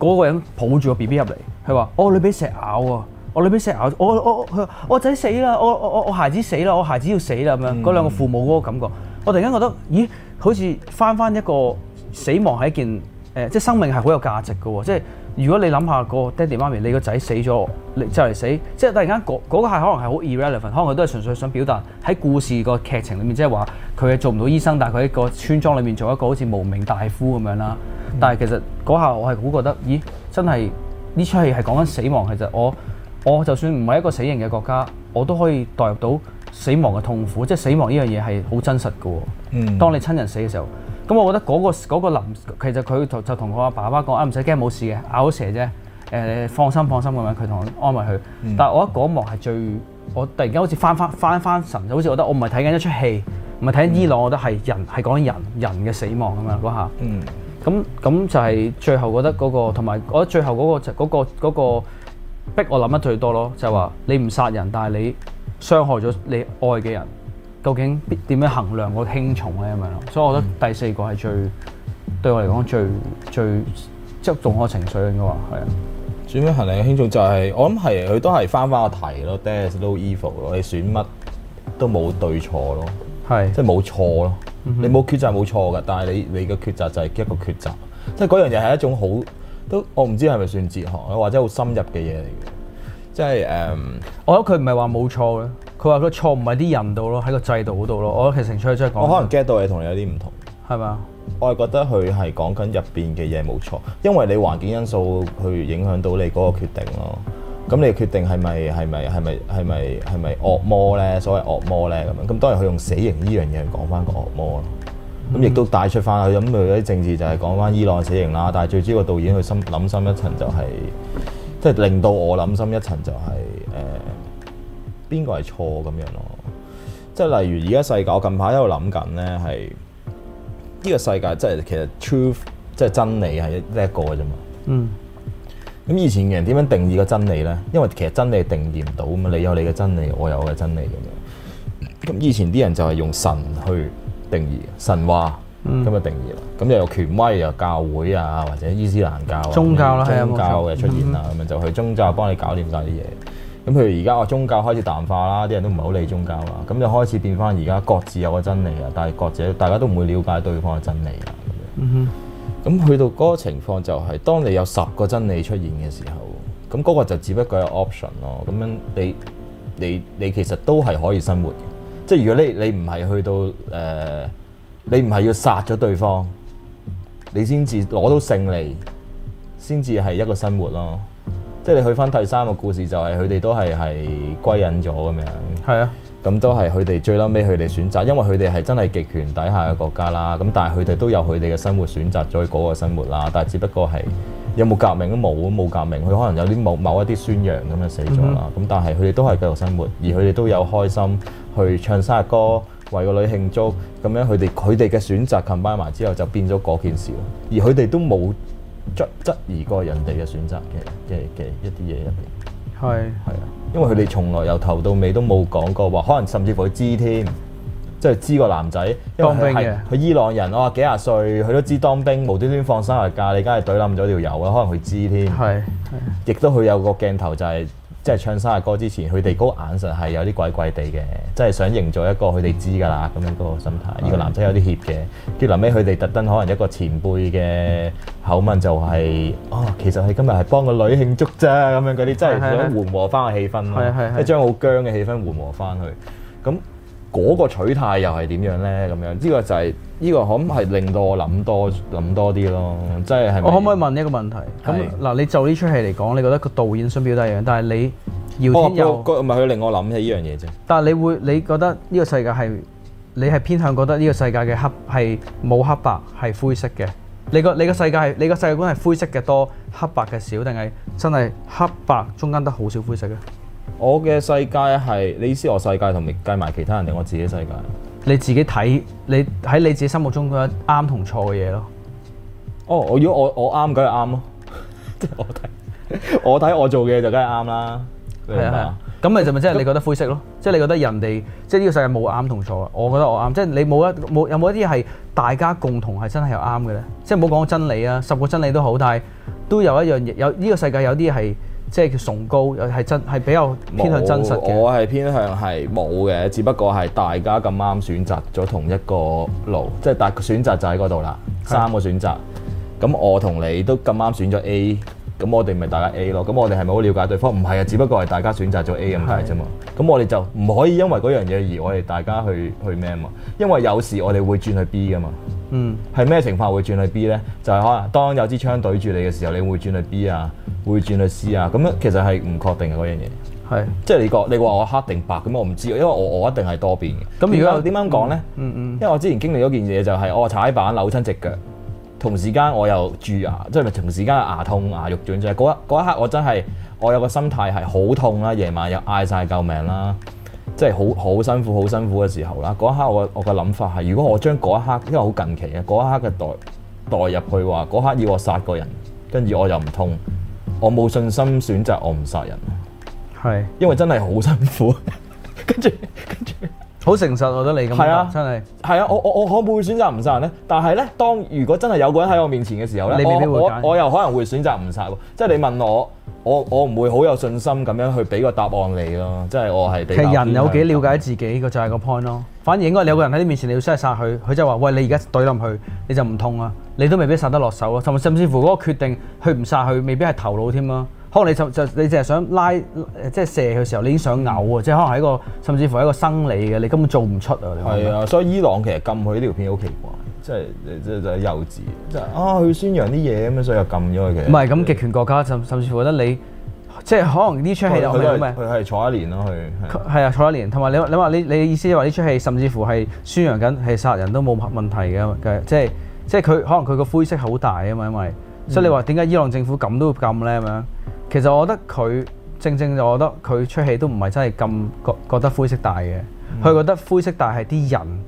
那個人抱住個 B B 入嚟，佢話：哦，你俾蛇咬啊！我女俾蛇咬、啊，我我佢話：我、哦、仔、哦哦、死啦！我我我我孩子死啦、哦！我孩子要死啦！咁樣，嗰、嗯、兩個父母嗰個感覺，我突然間覺得，咦，好似翻翻一個死亡係一件誒、呃，即係生命係好有價值噶。即係如果你諗下、那個爹地媽咪，你個仔死咗，你就嚟死，即係突然間嗰嗰、那個那個、可能係好 irrelevant，可能佢都係純粹想表達喺故事個劇情裏面，即係話佢係做唔到醫生，但係佢喺個村莊裏面做一個好似無名大夫咁樣啦。但係其實嗰下我係好覺得，咦，真係呢出戲係講緊死亡。其實我我就算唔係一個死刑嘅國家，我都可以代入到死亡嘅痛苦。即係死亡呢樣嘢係好真實嘅。嗯、當你親人死嘅時候，咁我覺得嗰、嗰個嗰個林，其實佢就同佢阿爸爸講啊，唔使驚冇事嘅，咬蛇啫。誒、呃，放心放心咁樣，佢同我安慰佢。嗯、但係我覺得嗰一幕係最，我突然間好似翻翻翻翻神，就好似覺得我唔係睇緊一出戲，唔係睇緊伊朗，嗯、我覺得係人係講人人嘅死亡啊嘛。嗰下。嗯咁咁就係最後覺得嗰、那個，同埋我覺得最後嗰、那個就嗰、那個嗰、那個逼我諗得最多咯，就係、是、話你唔殺人，但係你傷害咗你愛嘅人，究竟點樣衡量個輕重咧咁樣咯？嗯、所以我覺得第四個係最對我嚟講最最，最即重我情緒應該話係啊。主要衡量輕重就係、是、我諗係佢都係翻翻個題咯，There's、mm hmm. no evil，你選乜都冇對錯咯，係即係冇錯咯。你冇抉擇冇錯㗎，但係你你嘅抉擇就係一個抉擇，即係嗰樣嘢係一種好都，我唔知係咪算哲學，或者好深入嘅嘢嚟嘅，即係誒。Um, 我覺得佢唔係話冇錯嘅，佢話個錯唔係啲人度咯，喺個制度嗰度咯。我覺得其實成出嚟講。我可能 get 到你同你有啲唔同，係咪啊？我係覺得佢係講緊入邊嘅嘢冇錯，因為你環境因素去影響到你嗰個決定咯。咁你決定係咪係咪係咪係咪係咪惡魔咧？所謂惡魔咧，咁樣，咁當然佢用死刑呢樣嘢去講翻個惡魔咯。咁亦都帶出翻去，咁佢啲政治就係講翻伊朗死刑啦。但係最主要個導演佢心諗深一層就係，即係令到我諗深一層就係誒，邊個係錯咁樣咯。即係例如而家世界，我近排喺度諗緊咧係呢個世界，即係其實 truth 即係真理係叻一個嘅啫嘛。嗯。咁以前嘅人點樣定義個真理呢？因為其實真理定義唔到，咁你有你嘅真理，我有我嘅真理咁樣。咁以前啲人就係用神去定義神話咁啊，定義啦。咁、嗯、又有權威又有教會啊，或者伊斯蘭教宗教啦，係啊麼，宗教嘅出現啊，咁樣錯就去宗教幫你搞掂曬啲嘢。咁、嗯、哼譬如而家我宗教開始淡化啦，啲人都唔係好理宗教啦，咁就開始變翻而家各自有個真理啊，但係各自大家都唔會了解對方嘅真理啊。嗯哼。咁去到嗰個情況就係，當你有十個真理出現嘅時候，咁嗰個就只不過係 option 咯。咁樣你你你其實都係可以生活嘅，即係如果你你唔係去到誒、呃，你唔係要殺咗對方，你先至攞到勝利，先至係一個生活咯。即係你去翻第三個故事就，就係佢哋都係係歸隱咗咁樣。係啊。咁都係佢哋最撚尾，佢哋選擇，因為佢哋係真係極權底下嘅國家啦。咁但係佢哋都有佢哋嘅生活選擇咗嗰個生活啦。但係只不過係有冇革命都冇，冇革命。佢可能有啲某某一啲宣揚咁就死咗啦。咁、嗯、哼但係佢哋都係繼續生活，而佢哋都有開心去唱生日歌，為個女慶祝。咁樣佢哋佢哋嘅選擇 combine 埋之後，就變咗嗰件事咯。而佢哋都冇質質疑過人哋嘅選擇嘅嘅嘅一啲嘢入邊。係係是啊。因為佢哋從來由頭到尾都冇講過話，可能甚至乎佢知添，即係知個男仔當兵嘅，佢伊朗人，我話幾十歲，佢都知當兵，無端端放生日假，你梗係懟冧咗條友啊，可能佢知添，係的，亦都佢有個鏡頭就係、是。即係唱生日歌之前，佢哋嗰眼神係有啲怪怪地嘅，即係想營造一個佢哋知㗎啦咁樣嗰個心態。呢個男仔有啲怯嘅，跟住臨尾佢哋特登可能一個前輩嘅口吻就係：哦，其實係今日係幫個女慶祝啫，咁樣嗰啲真係想緩和翻個氣氛，即係將好僵嘅氣氛緩和翻去。咁。嗰個取態又係點樣呢？咁樣呢、呢個就係、是、呢、呢個，咁係令到我諗多諗多啲咯。即係我可唔可以問一個問題？咁嗱是，你做呢出戲嚟講，你覺得個導演想表達一樣？但係你要天又唔係佢令我諗起呢樣嘢啫。但係你會，你覺得呢個世界係你係偏向覺得呢個世界嘅黑係冇黑白係灰色嘅？你個你個世界係你個世界觀係灰色嘅多，黑白嘅少，定係真係黑白中間得好少灰色嘅？我嘅世界係你意思我世界同埋計埋其他人定我自己世界？你自己睇你喺你自己心目中嗰啲啱同錯嘅嘢咯。哦，我如果我我啱，梗係啱咯。即係我睇，我睇 我，我，我做嘅就梗係啱啦。係啊 ，咁咪就咪即係你覺得灰色咯？即係那你覺得人哋即係呢個世界冇啱同錯。我覺得我啱。即係你冇一冇有冇一啲係大家共同係真係有啱嘅咧？即係唔好講真理啊，十個真理都好，但係都有一樣嘢，有呢個世界有啲係。即係叫崇高，又係真係比較偏向真實嘅。我係偏向係冇嘅，只不過係大家咁啱選擇咗同一個路，即係大個選擇就喺嗰度啦。的三個選擇咁，我同你都咁啱選咗 A，咁我哋咪大家 A 咯。咁我哋係咪好了解對方？唔係啊，只不過係大家選擇咗 A 咁解啫嘛。咁的我哋就唔可以因為嗰樣嘢而我哋大家去去咩嘛？因為有時我哋會轉去 B 噶嘛。嗯，係咩情況會轉去 B 呢？就係、是、可能當有支槍對住你嘅時候，你會轉去 B 啊，會轉去 C 啊。咁樣其實係唔確定嘅嗰樣嘢。係，是即係你講你話我黑定白咁，我唔知。因為我我一定係多變嘅。咁如果點樣講呢？嗯嗯。嗯嗯，因為我之前經歷嗰件嘢就係、是、我踩板扭親隻腳，同時間我又蛀牙，即係同時間牙痛牙肉腫啫。嗰、就是、一刻我真係我有個心態係好痛啦，夜晚又嗌晒救命啦。即係好好辛苦、好辛苦嘅時候啦，嗰一刻我我嘅諗法係，如果我將嗰一刻因為好近期嘅嗰一刻嘅代代入去話，嗰刻要我殺個人，跟住我又唔痛，我冇信心選擇我唔殺人，係因為真係好辛苦， 跟住跟住好誠實，我覺得你咁講係啊，真係係啊，我我我可會選擇唔殺人咧？但係咧，當如果真係有個人喺我面前嘅時候咧，我我我又可能會選擇唔殺喎。即係你問我。我我唔會好有信心咁樣去俾個答案你咯，即係我係。其實人有幾了解自己，個就係個 point 咯。反而應該你有個人喺你面前，你要真係殺殺佢，佢就話：喂，你而家對冧佢，你就唔痛啊！你都未必殺得落手啊！甚至甚至乎嗰個決定去唔殺佢，未必係頭腦添咯。可能你就就你淨係想拉即係、就係、射嘅時候，你已經想嘔啊！嗯、即係可能係一個甚至乎係一個生理嘅，你根本做唔出啊！係啊，所以伊朗其實禁佢呢條片好奇怪。即係即係就幼稚，即係啊！去宣揚啲嘢咁樣，所以又禁咗佢嘅。唔係咁極權國家，甚甚至乎覺得你即係可能呢出戲，佢係坐一年咯。佢係啊，坐一年。同埋你你話你你意思話呢出戲，甚至乎係宣揚緊係殺人都冇問題嘅，即係即係佢可能佢個灰色好大啊嘛，因為、嗯、所以你話點解伊朗政府咁都禁咧咁樣，樣？其實我覺得佢正正就我覺得佢出戲都唔係真係咁覺覺得灰色大嘅。佢、嗯、覺得灰色大係啲人。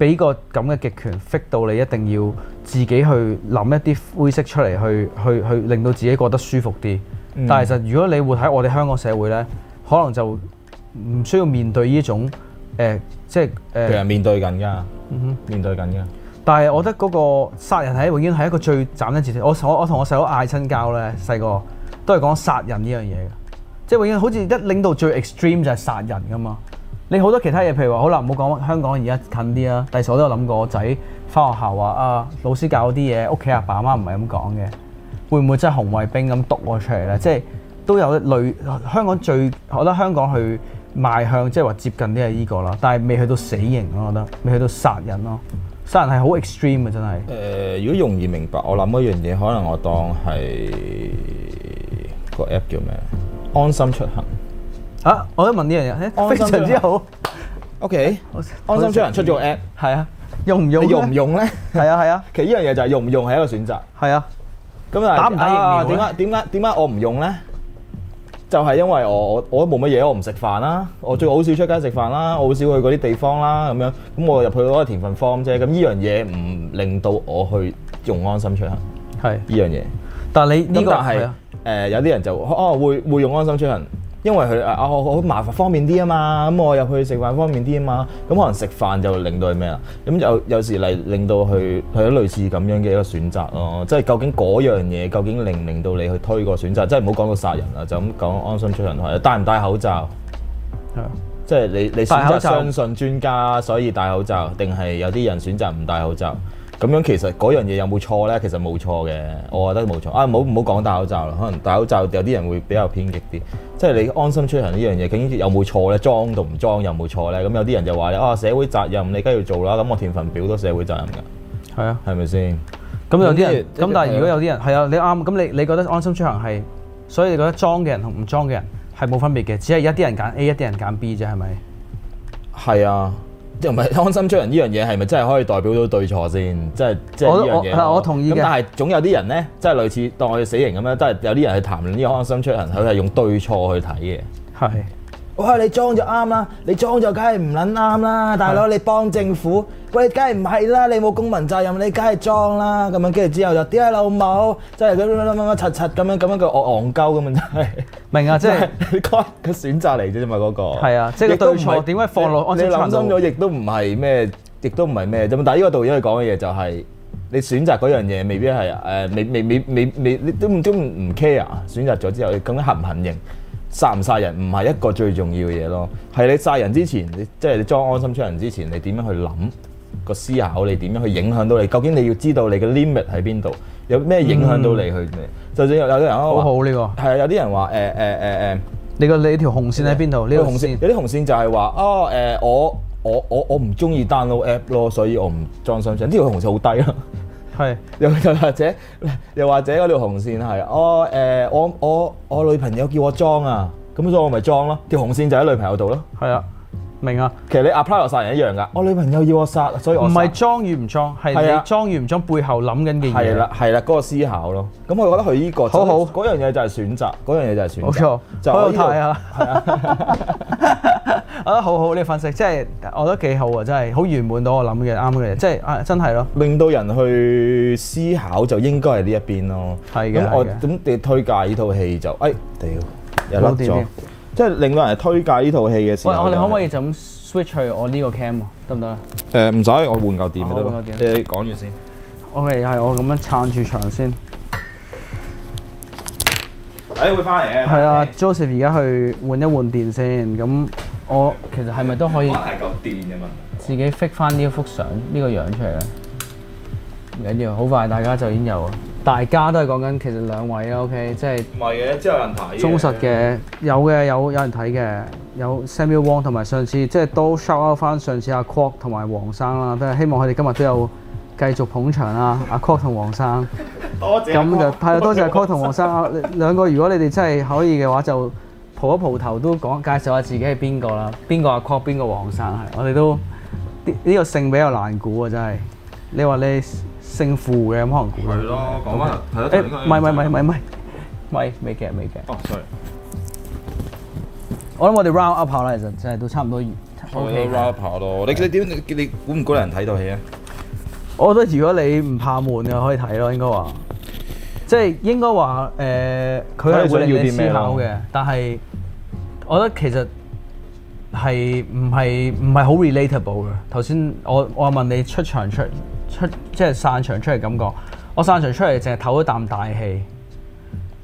俾個咁嘅極權 fit 到你，一定要自己去諗一啲灰色出嚟，去去去令到自己覺得舒服啲。嗯、但係其實如果你活喺我哋香港社會呢，可能就唔需要面對呢種誒、呃，即係誒。其、呃、面對緊㗎。嗯、哼面對緊㗎。但係我覺得嗰個殺人係永遠係一個最斬嘅事情。我我同我細佬嗌親交呢，細個都係講殺人呢樣嘢嘅，即、就、係、是、永遠好似一領到最 extreme 就係殺人㗎嘛。你好多其他嘢，譬如話，好啦，唔好講香港而家近啲啦。第時我都有諗過，仔返學校話啊，啊，老師教啲嘢，屋企阿爸阿媽唔係咁講嘅，會唔會真係紅衛兵咁督我出嚟咧？嗯、即係都有類香港最，我覺得香港去邁向即係話接近啲係呢個啦，但係未去到死刑咯、啊，我覺得未去到殺人咯、啊，殺人係好 extreme 啊。真係。誒、呃，如果容易明白，我諗一樣嘢，可能我當係個 app 叫咩？安心出行。嚇、啊！我一問呢樣嘢，非常之好。OK，安心出行人出咗 app，係啊，用唔用呢用唔用咧？係啊，係啊。其實呢樣嘢就係用唔用係一個選擇。係啊。咁是啊，打唔打疫苗點解點解點解我唔用咧？就係、是、因為我我都冇乜嘢，我唔食飯啦、啊，我最好少出街食飯啦、啊，我好少去嗰啲地方啦、啊，咁樣咁我入去攞填份 form 啫。咁呢樣嘢唔令到我去用安心出行。係呢、啊、樣嘢。但係你呢、呢個係誒、啊呃、有啲人就哦、啊、會會,會用安心出行。因為佢啊、哦嗯，我好麻煩方便啲啊嘛，咁我入去食飯方便啲啊嘛，咁、嗯、可能食飯就會令到係咩啦？咁、嗯、有有時嚟令到佢，佢啲類似咁樣嘅一個選擇咯、啊，即係究竟嗰樣嘢究竟令唔令到你去推個選擇，即係唔好講到殺人啦，就咁講安心出行，戴唔戴口罩？係啊、嗯，即係你你選擇相信專家，所以戴口罩，定係有啲人選擇唔戴口罩？咁樣其實嗰樣嘢有冇錯呢？其實冇錯嘅，我覺得冇錯。啊，唔好唔好講戴口罩啦，可能戴口罩有啲人會比較偏激啲，即係你安心出行呢樣嘢究竟有冇錯呢？裝同唔裝有冇錯呢？咁有啲人就話咧，啊，社會責任你梗係要做啦，咁我填份表都社會責任㗎。係啊，係咪先？咁有啲人咁，但係如果有啲人係啊，你啱、啊，咁你你覺得安心出行係，所以你覺得裝嘅人同唔裝嘅人係冇分別嘅，只係一啲人揀 A，一啲人揀 B 啫，係咪？係啊。即係唔係安心出行呢樣嘢係咪真係可以代表到對錯先？即係即係呢樣嘢。我，我，我同意但係總有啲人呢，即係類似當我哋死刑咁樣，都係有啲人去談論呢個安心出行，佢係、嗯、用對錯去睇嘅。係。你裝就啱啦，你裝就梗係唔撚啱啦，大佬你幫政府，喂，梗係唔係啦，你冇公民責任，你梗係裝啦，咁樣跟住之後就屌你老母，即係咁樣咁樣柒柒咁樣咁樣叫我戇鳩咁樣真係明啊，即係佢嘅選擇嚟啫嘛，嗰個係啊，即係對錯點解也你放落？你諗深咗亦都唔係咩，亦都唔係咩啫嘛。但係呢個導演佢講嘅嘢就係、是、你選擇嗰樣嘢、呃，未必係誒未未未未未你都唔都唔 care 啊？選擇咗之後，咁樣行唔行刑？殺唔殺人唔係一個最重要嘅嘢咯，係你殺人之前，你即係你裝安心出人之前，你點樣去諗個思考？那個、你點樣去影響到你？究竟你要知道你嘅 limit 喺邊度？有咩影響到你去？就算、嗯、有有啲人啊，好好呢個係啊，有啲人話誒誒誒誒，你個你條紅線喺邊度？呢條紅線有啲紅線就係話啊誒，我我我我唔中意 download app 咯，所以我唔裝心上。呢條紅線好低啊！ 係又是又或者，又或者嗰條紅線係係，哦誒、呃，我我我女朋友叫我裝啊，咁所以我咪裝咯，條紅線就喺女朋友度咯，係啊。明啊，其實你 apply 落曬人一樣噶，我女朋友要我殺，所以我唔係裝與唔裝，係你裝與唔裝背後諗緊件嘢。係啦，係啦，嗰個思考咯。咁我覺得佢呢個好好嗰樣嘢就係選擇，嗰樣嘢就係選擇。冇錯，就睇下。啊，我覺得好好你分析，即係我覺得幾好啊，真係好圓滿到我諗嘅啱嘅嘢，即係啊真係咯。令到人去思考就應該係呢一邊咯。係嘅。咁我咁你推介呢套戲就，哎，屌有笠咗。即係令到人推介呢套戲嘅時候，喂，我哋可唔可以就咁 switch 去我呢個 cam？得唔得啊？誒唔使，我換嚿電嘅得。啊、換嚿電。你講住先。OK 係我咁樣撐住牆先。誒、欸、會翻嚟係啊 Okay.，Joseph 而家去換一換電先。咁我其實係咪都可以？換係嚿電啊嘛。自己 fit 翻呢一幅相，呢、呢個樣出嚟啦。唔緊要，好快大家就已經有。大家都係講緊其實兩位啦，OK，即係唔係嘅，即係有，有人睇忠實嘅，有嘅有有人睇嘅，有 Samuel Wong 同埋上次即係都 shout out 翻上次阿 Croc 同埋黃生啦，都係希望佢哋今日都有繼續捧場啦，阿 Croc 同黃生。多謝咁就多謝阿 Croc 同黃生啊 兩個，如果你哋真係可以嘅話，就蒲一蒲頭都講介紹下自己係邊、 個啦，邊個阿 Croc，邊個黃生係。我哋都呢個姓比較難估啊，真係你話你。勝負嘅可能估係咯，講翻係咯，誒，唔係唔係唔係唔係，咪美劇美劇。哦，係。我諗我哋 round up 下啦，其實真係都差唔多。OK，round up 下咯，你你點你估唔估人睇到戲啊？我覺得如果你唔怕悶嘅，可以睇咯，應該話。即係應該話誒，佢係會思考嘅，但係我覺得其實係唔係唔係好 relatable 嘅。頭先我我問你出場出。出即係散場出嚟感覺，我散場出嚟淨係唞一啖大氣，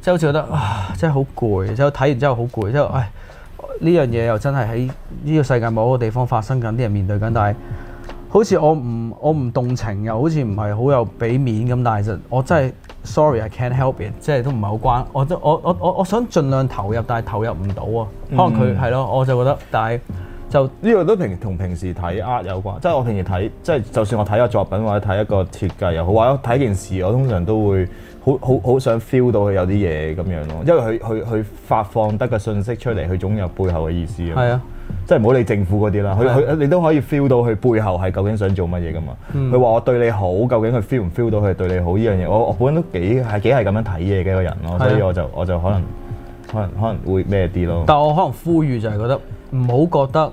即係好似覺得啊，即係好攰，即係我睇完之後好攰，即係唉，呢樣嘢又真係喺呢個世界某一個地方發生緊，啲人面對緊，但係好似我唔我唔動情又好似唔係好有俾面咁，但係就我真係 sorry I can't help it，即係都唔係好關我，我我我我想盡量投入，但係投入唔到啊，可能佢係咯，我就覺得但係。就呢個都平同平時睇呃有關，即係我平時睇，即係就算我睇個作品或者睇一個設計又好，或者睇件事，我通常都會好好好想 feel 到佢有啲嘢咁樣咯。因為佢佢佢發放得個信息出嚟，佢總有背後嘅意思。係啊，即係唔好理政府嗰啲啦。佢佢、啊、你都可以 feel 到佢背後係究竟想做乜嘢噶嘛。佢話、嗯、我對你好，究竟佢 feel 唔 feel 到佢對你好呢樣嘢？我我本身都幾係幾係咁樣睇嘢嘅一個人咯，啊、所以我就我就可能、嗯、可能可能，可能會咩啲咯。但我可能呼籲就係覺得唔好覺得。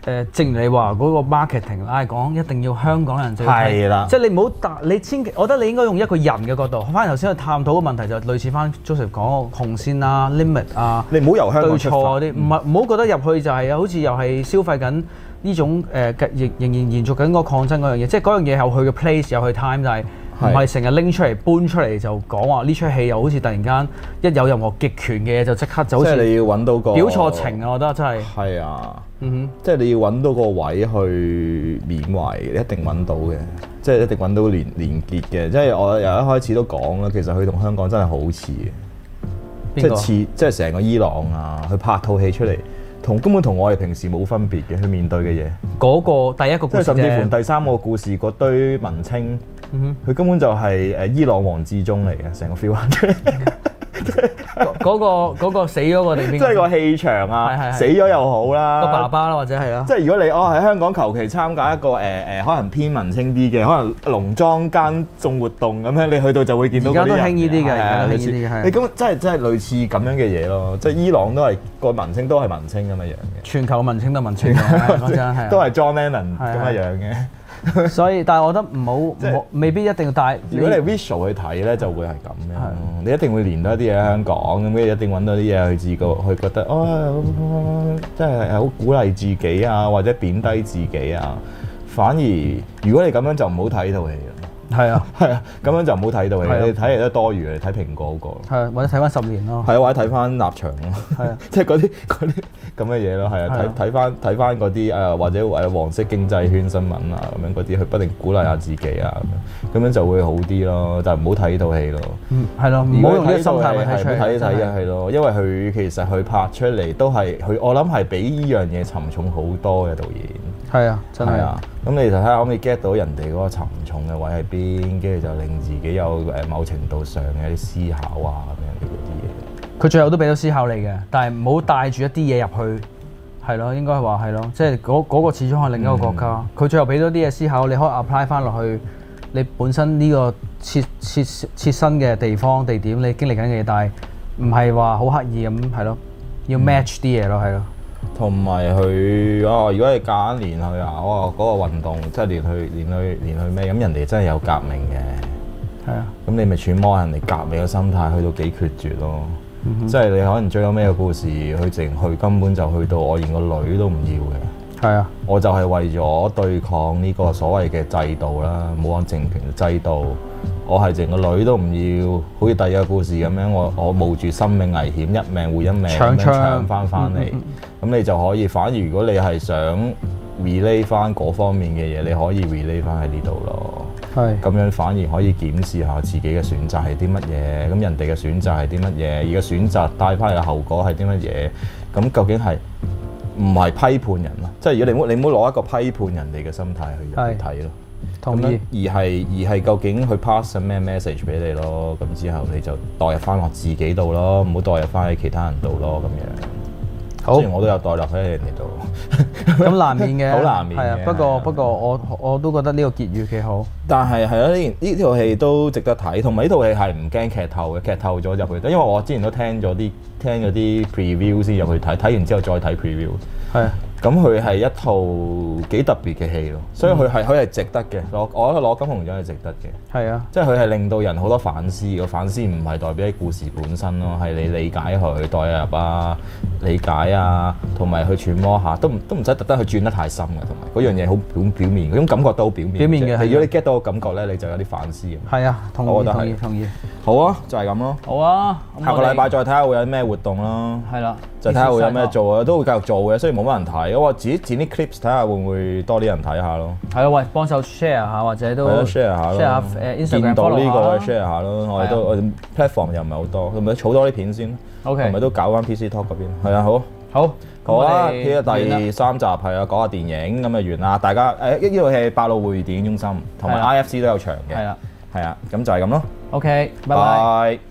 誒、呃、正如你話嗰、那個 marketing，唉講一定要香港人最，係啦的，即係你唔好答，你千祈，我覺得你應該用一個人嘅角度，翻頭先去探討嘅問題就類似翻 Joseph 講紅線啊、limit 啊，你唔好由香港出發，對錯嗰啲，唔係唔好覺得入去就係、是、好似又係消費緊呢種誒，繼、呃、仍仍然延續緊個抗爭嗰樣嘢，即係嗰樣嘢又去嘅 place 又去 time 就係。唔係成日拎出嚟搬出嚟就講話，呢出戲又好似突然間一有任何極權嘅嘢就即刻走。即係你要揾到個表錯情啊！我覺得真係係啊，嗯、哼，即係你要揾到個位去緬懷，一定揾到嘅，即係一定揾到連連結嘅。即係我由一開始都講啦，其實佢同香港真係好似，即係似，即係成個伊朗啊，佢拍套戲出嚟，同根本同我哋平時冇分別嘅，佢面對嘅嘢。嗰個第一個故事甚至乎、就是、第三個故事嗰堆文青。佢根本就係誒伊朗王志忠嚟嘅，成個 feel。嗰個死咗個地方，即係個氣場啊！死咗又好啦，個爸爸啦，或者係咯。即係如果你哦喺香港求其參加一個誒誒，可能偏文青啲嘅，可能農莊間種活動咁樣，你去到就會見到呢啲。而家興呢啲嘅，而家興呢啲係。你咁真係真係類似咁樣嘅嘢咯，即係伊朗都係個文青都係文青咁嘅樣嘅。全球文青都文青，都係 John Lennon 咁嘅樣嘅。 所以，但係我覺得唔好，唔好、就是、未必一定要，要帶。如果你 visual 去睇咧， 就會係咁樣。的你一定會連到一啲嘢香港咁，你一定揾到啲嘢去自覺去覺得啊，即係好鼓勵自己啊，或者貶低自己啊。反而如果你咁樣就唔好睇套戲。係啊，係啊，咁樣就唔好睇到嘅的。你睇嚟都多餘，你睇蘋果嗰個，係或者睇翻十年咯，係或者睇翻立場咯，係即係嗰啲啲咁嘅嘢咯，係啊， 睇睇翻睇翻嗰啲誒或者黃色經濟圈新聞啊咁樣嗰啲，去不斷鼓勵下自己啊，咁樣就會好啲咯，就唔好睇呢套戲咯。嗯的，係咯，唔好用呢個心態去睇出嚟。係咯，看看因為佢其實佢拍出嚟都係佢，我諗係比依樣嘢沉重好多嘅導演。係啊，真係啊。咁你其實睇下可唔可以 get 到人哋嗰個沉重嘅位喺邊，跟住就令自己有誒某程度上嘅啲思考啊咁樣嗰啲嘢。佢最後都俾咗思考你嘅，但係唔好帶住一啲嘢入去，係咯，應該話係咯。即係嗰個始終係另一個國家，佢、嗯、最後俾多啲嘢思考，你可以 apply 翻落去你本身呢個切切切身嘅地方地點你經歷緊嘅嘢，但係唔係話好刻意咁係咯，要 match 啲嘢咯，係咯。同埋佢哦，如果你隔一年去啊，嗰、哦嗰個運動即係連去連去連去咩咁，人哋真係有革命嘅。係啊。咁你咪揣摩人哋革命嘅心態，去到幾決絕咯？嗯、哼即係你可能最後咩嘅故事，佢淨去根本就去到我連個女都唔要嘅。係啊。我就係為咗對抗呢個所謂嘅制度啦，冇按政權嘅制度。我係成個女都唔要，好似第二個故事咁樣，我我冒住生命危險一命換一命咁樣搶翻翻嚟，咁、嗯嗯、你就可以。反而如果你係想 relate 翻嗰方面嘅嘢，你可以 relate 翻喺呢度咯。係咁是樣反而可以檢視下自己嘅選擇係啲乜嘢，咁人哋嘅選擇係啲乜嘢，而個選擇帶翻嚟嘅後果係啲乜嘢。咁究竟係唔係批判人啊？即係如果你冇，你唔好攞一個批判人哋嘅心態去睇咯。是咁而而係而係究竟佢 pass 咗咩 message 俾你咯？咁之後你就代入翻落自己度咯，唔好代入翻喺其他人度咯咁樣。好，雖然我都有代入喺人哋度，咁難免嘅，好 難免。係啊的，的不過的不過我我都覺得呢個結語幾好。但係係啊，呢呢套戲都值得睇，同埋呢套戲係唔驚劇透嘅。劇透咗入去，因為我之前都聽咗啲聽咗啲 preview 先入去睇，睇完之後再睇 preview。係。咁佢係一套幾特別嘅戲咯，所以佢係佢係值得嘅。攞我覺得攞金熊獎係值得嘅。係啊，即係佢係令到人好多反思個反思，唔係代表啲故事本身咯，係你理解佢去代入啊、理解啊，同埋去揣摩下，都唔都唔使特登去轉得太深嘅。同埋嗰樣嘢好表表面，嗰種感覺都好表面。表面嘅係、啊、如果你 get 到個感覺咧，你就有啲反思。係啊，同意同意同意。同意好啊，就係、是、咁咯。好啊，下個禮拜再睇下會有咩活動咯。係啦、啊。就睇下會有咩做啊，都會繼續做嘅，雖然冇乜人睇，我話自己剪啲 clips 睇下會唔會多啲人睇下咯。係啊，喂，幫手 share 下或者都 share 下 share 下誒 Instagram 嗰個 share 下咯。我哋都我哋 platform 又唔係好多，同咪儲多啲片先。O K，同埋都搞翻 P C Talk 嗰邊。係啊，好。好，我哋呢第三集係啊，講下電影咁就完啦。大家誒呢套戲百老匯電影中心同埋 I F C 都有場嘅。係啊，係啊，咁就係咁咯。O K，拜拜！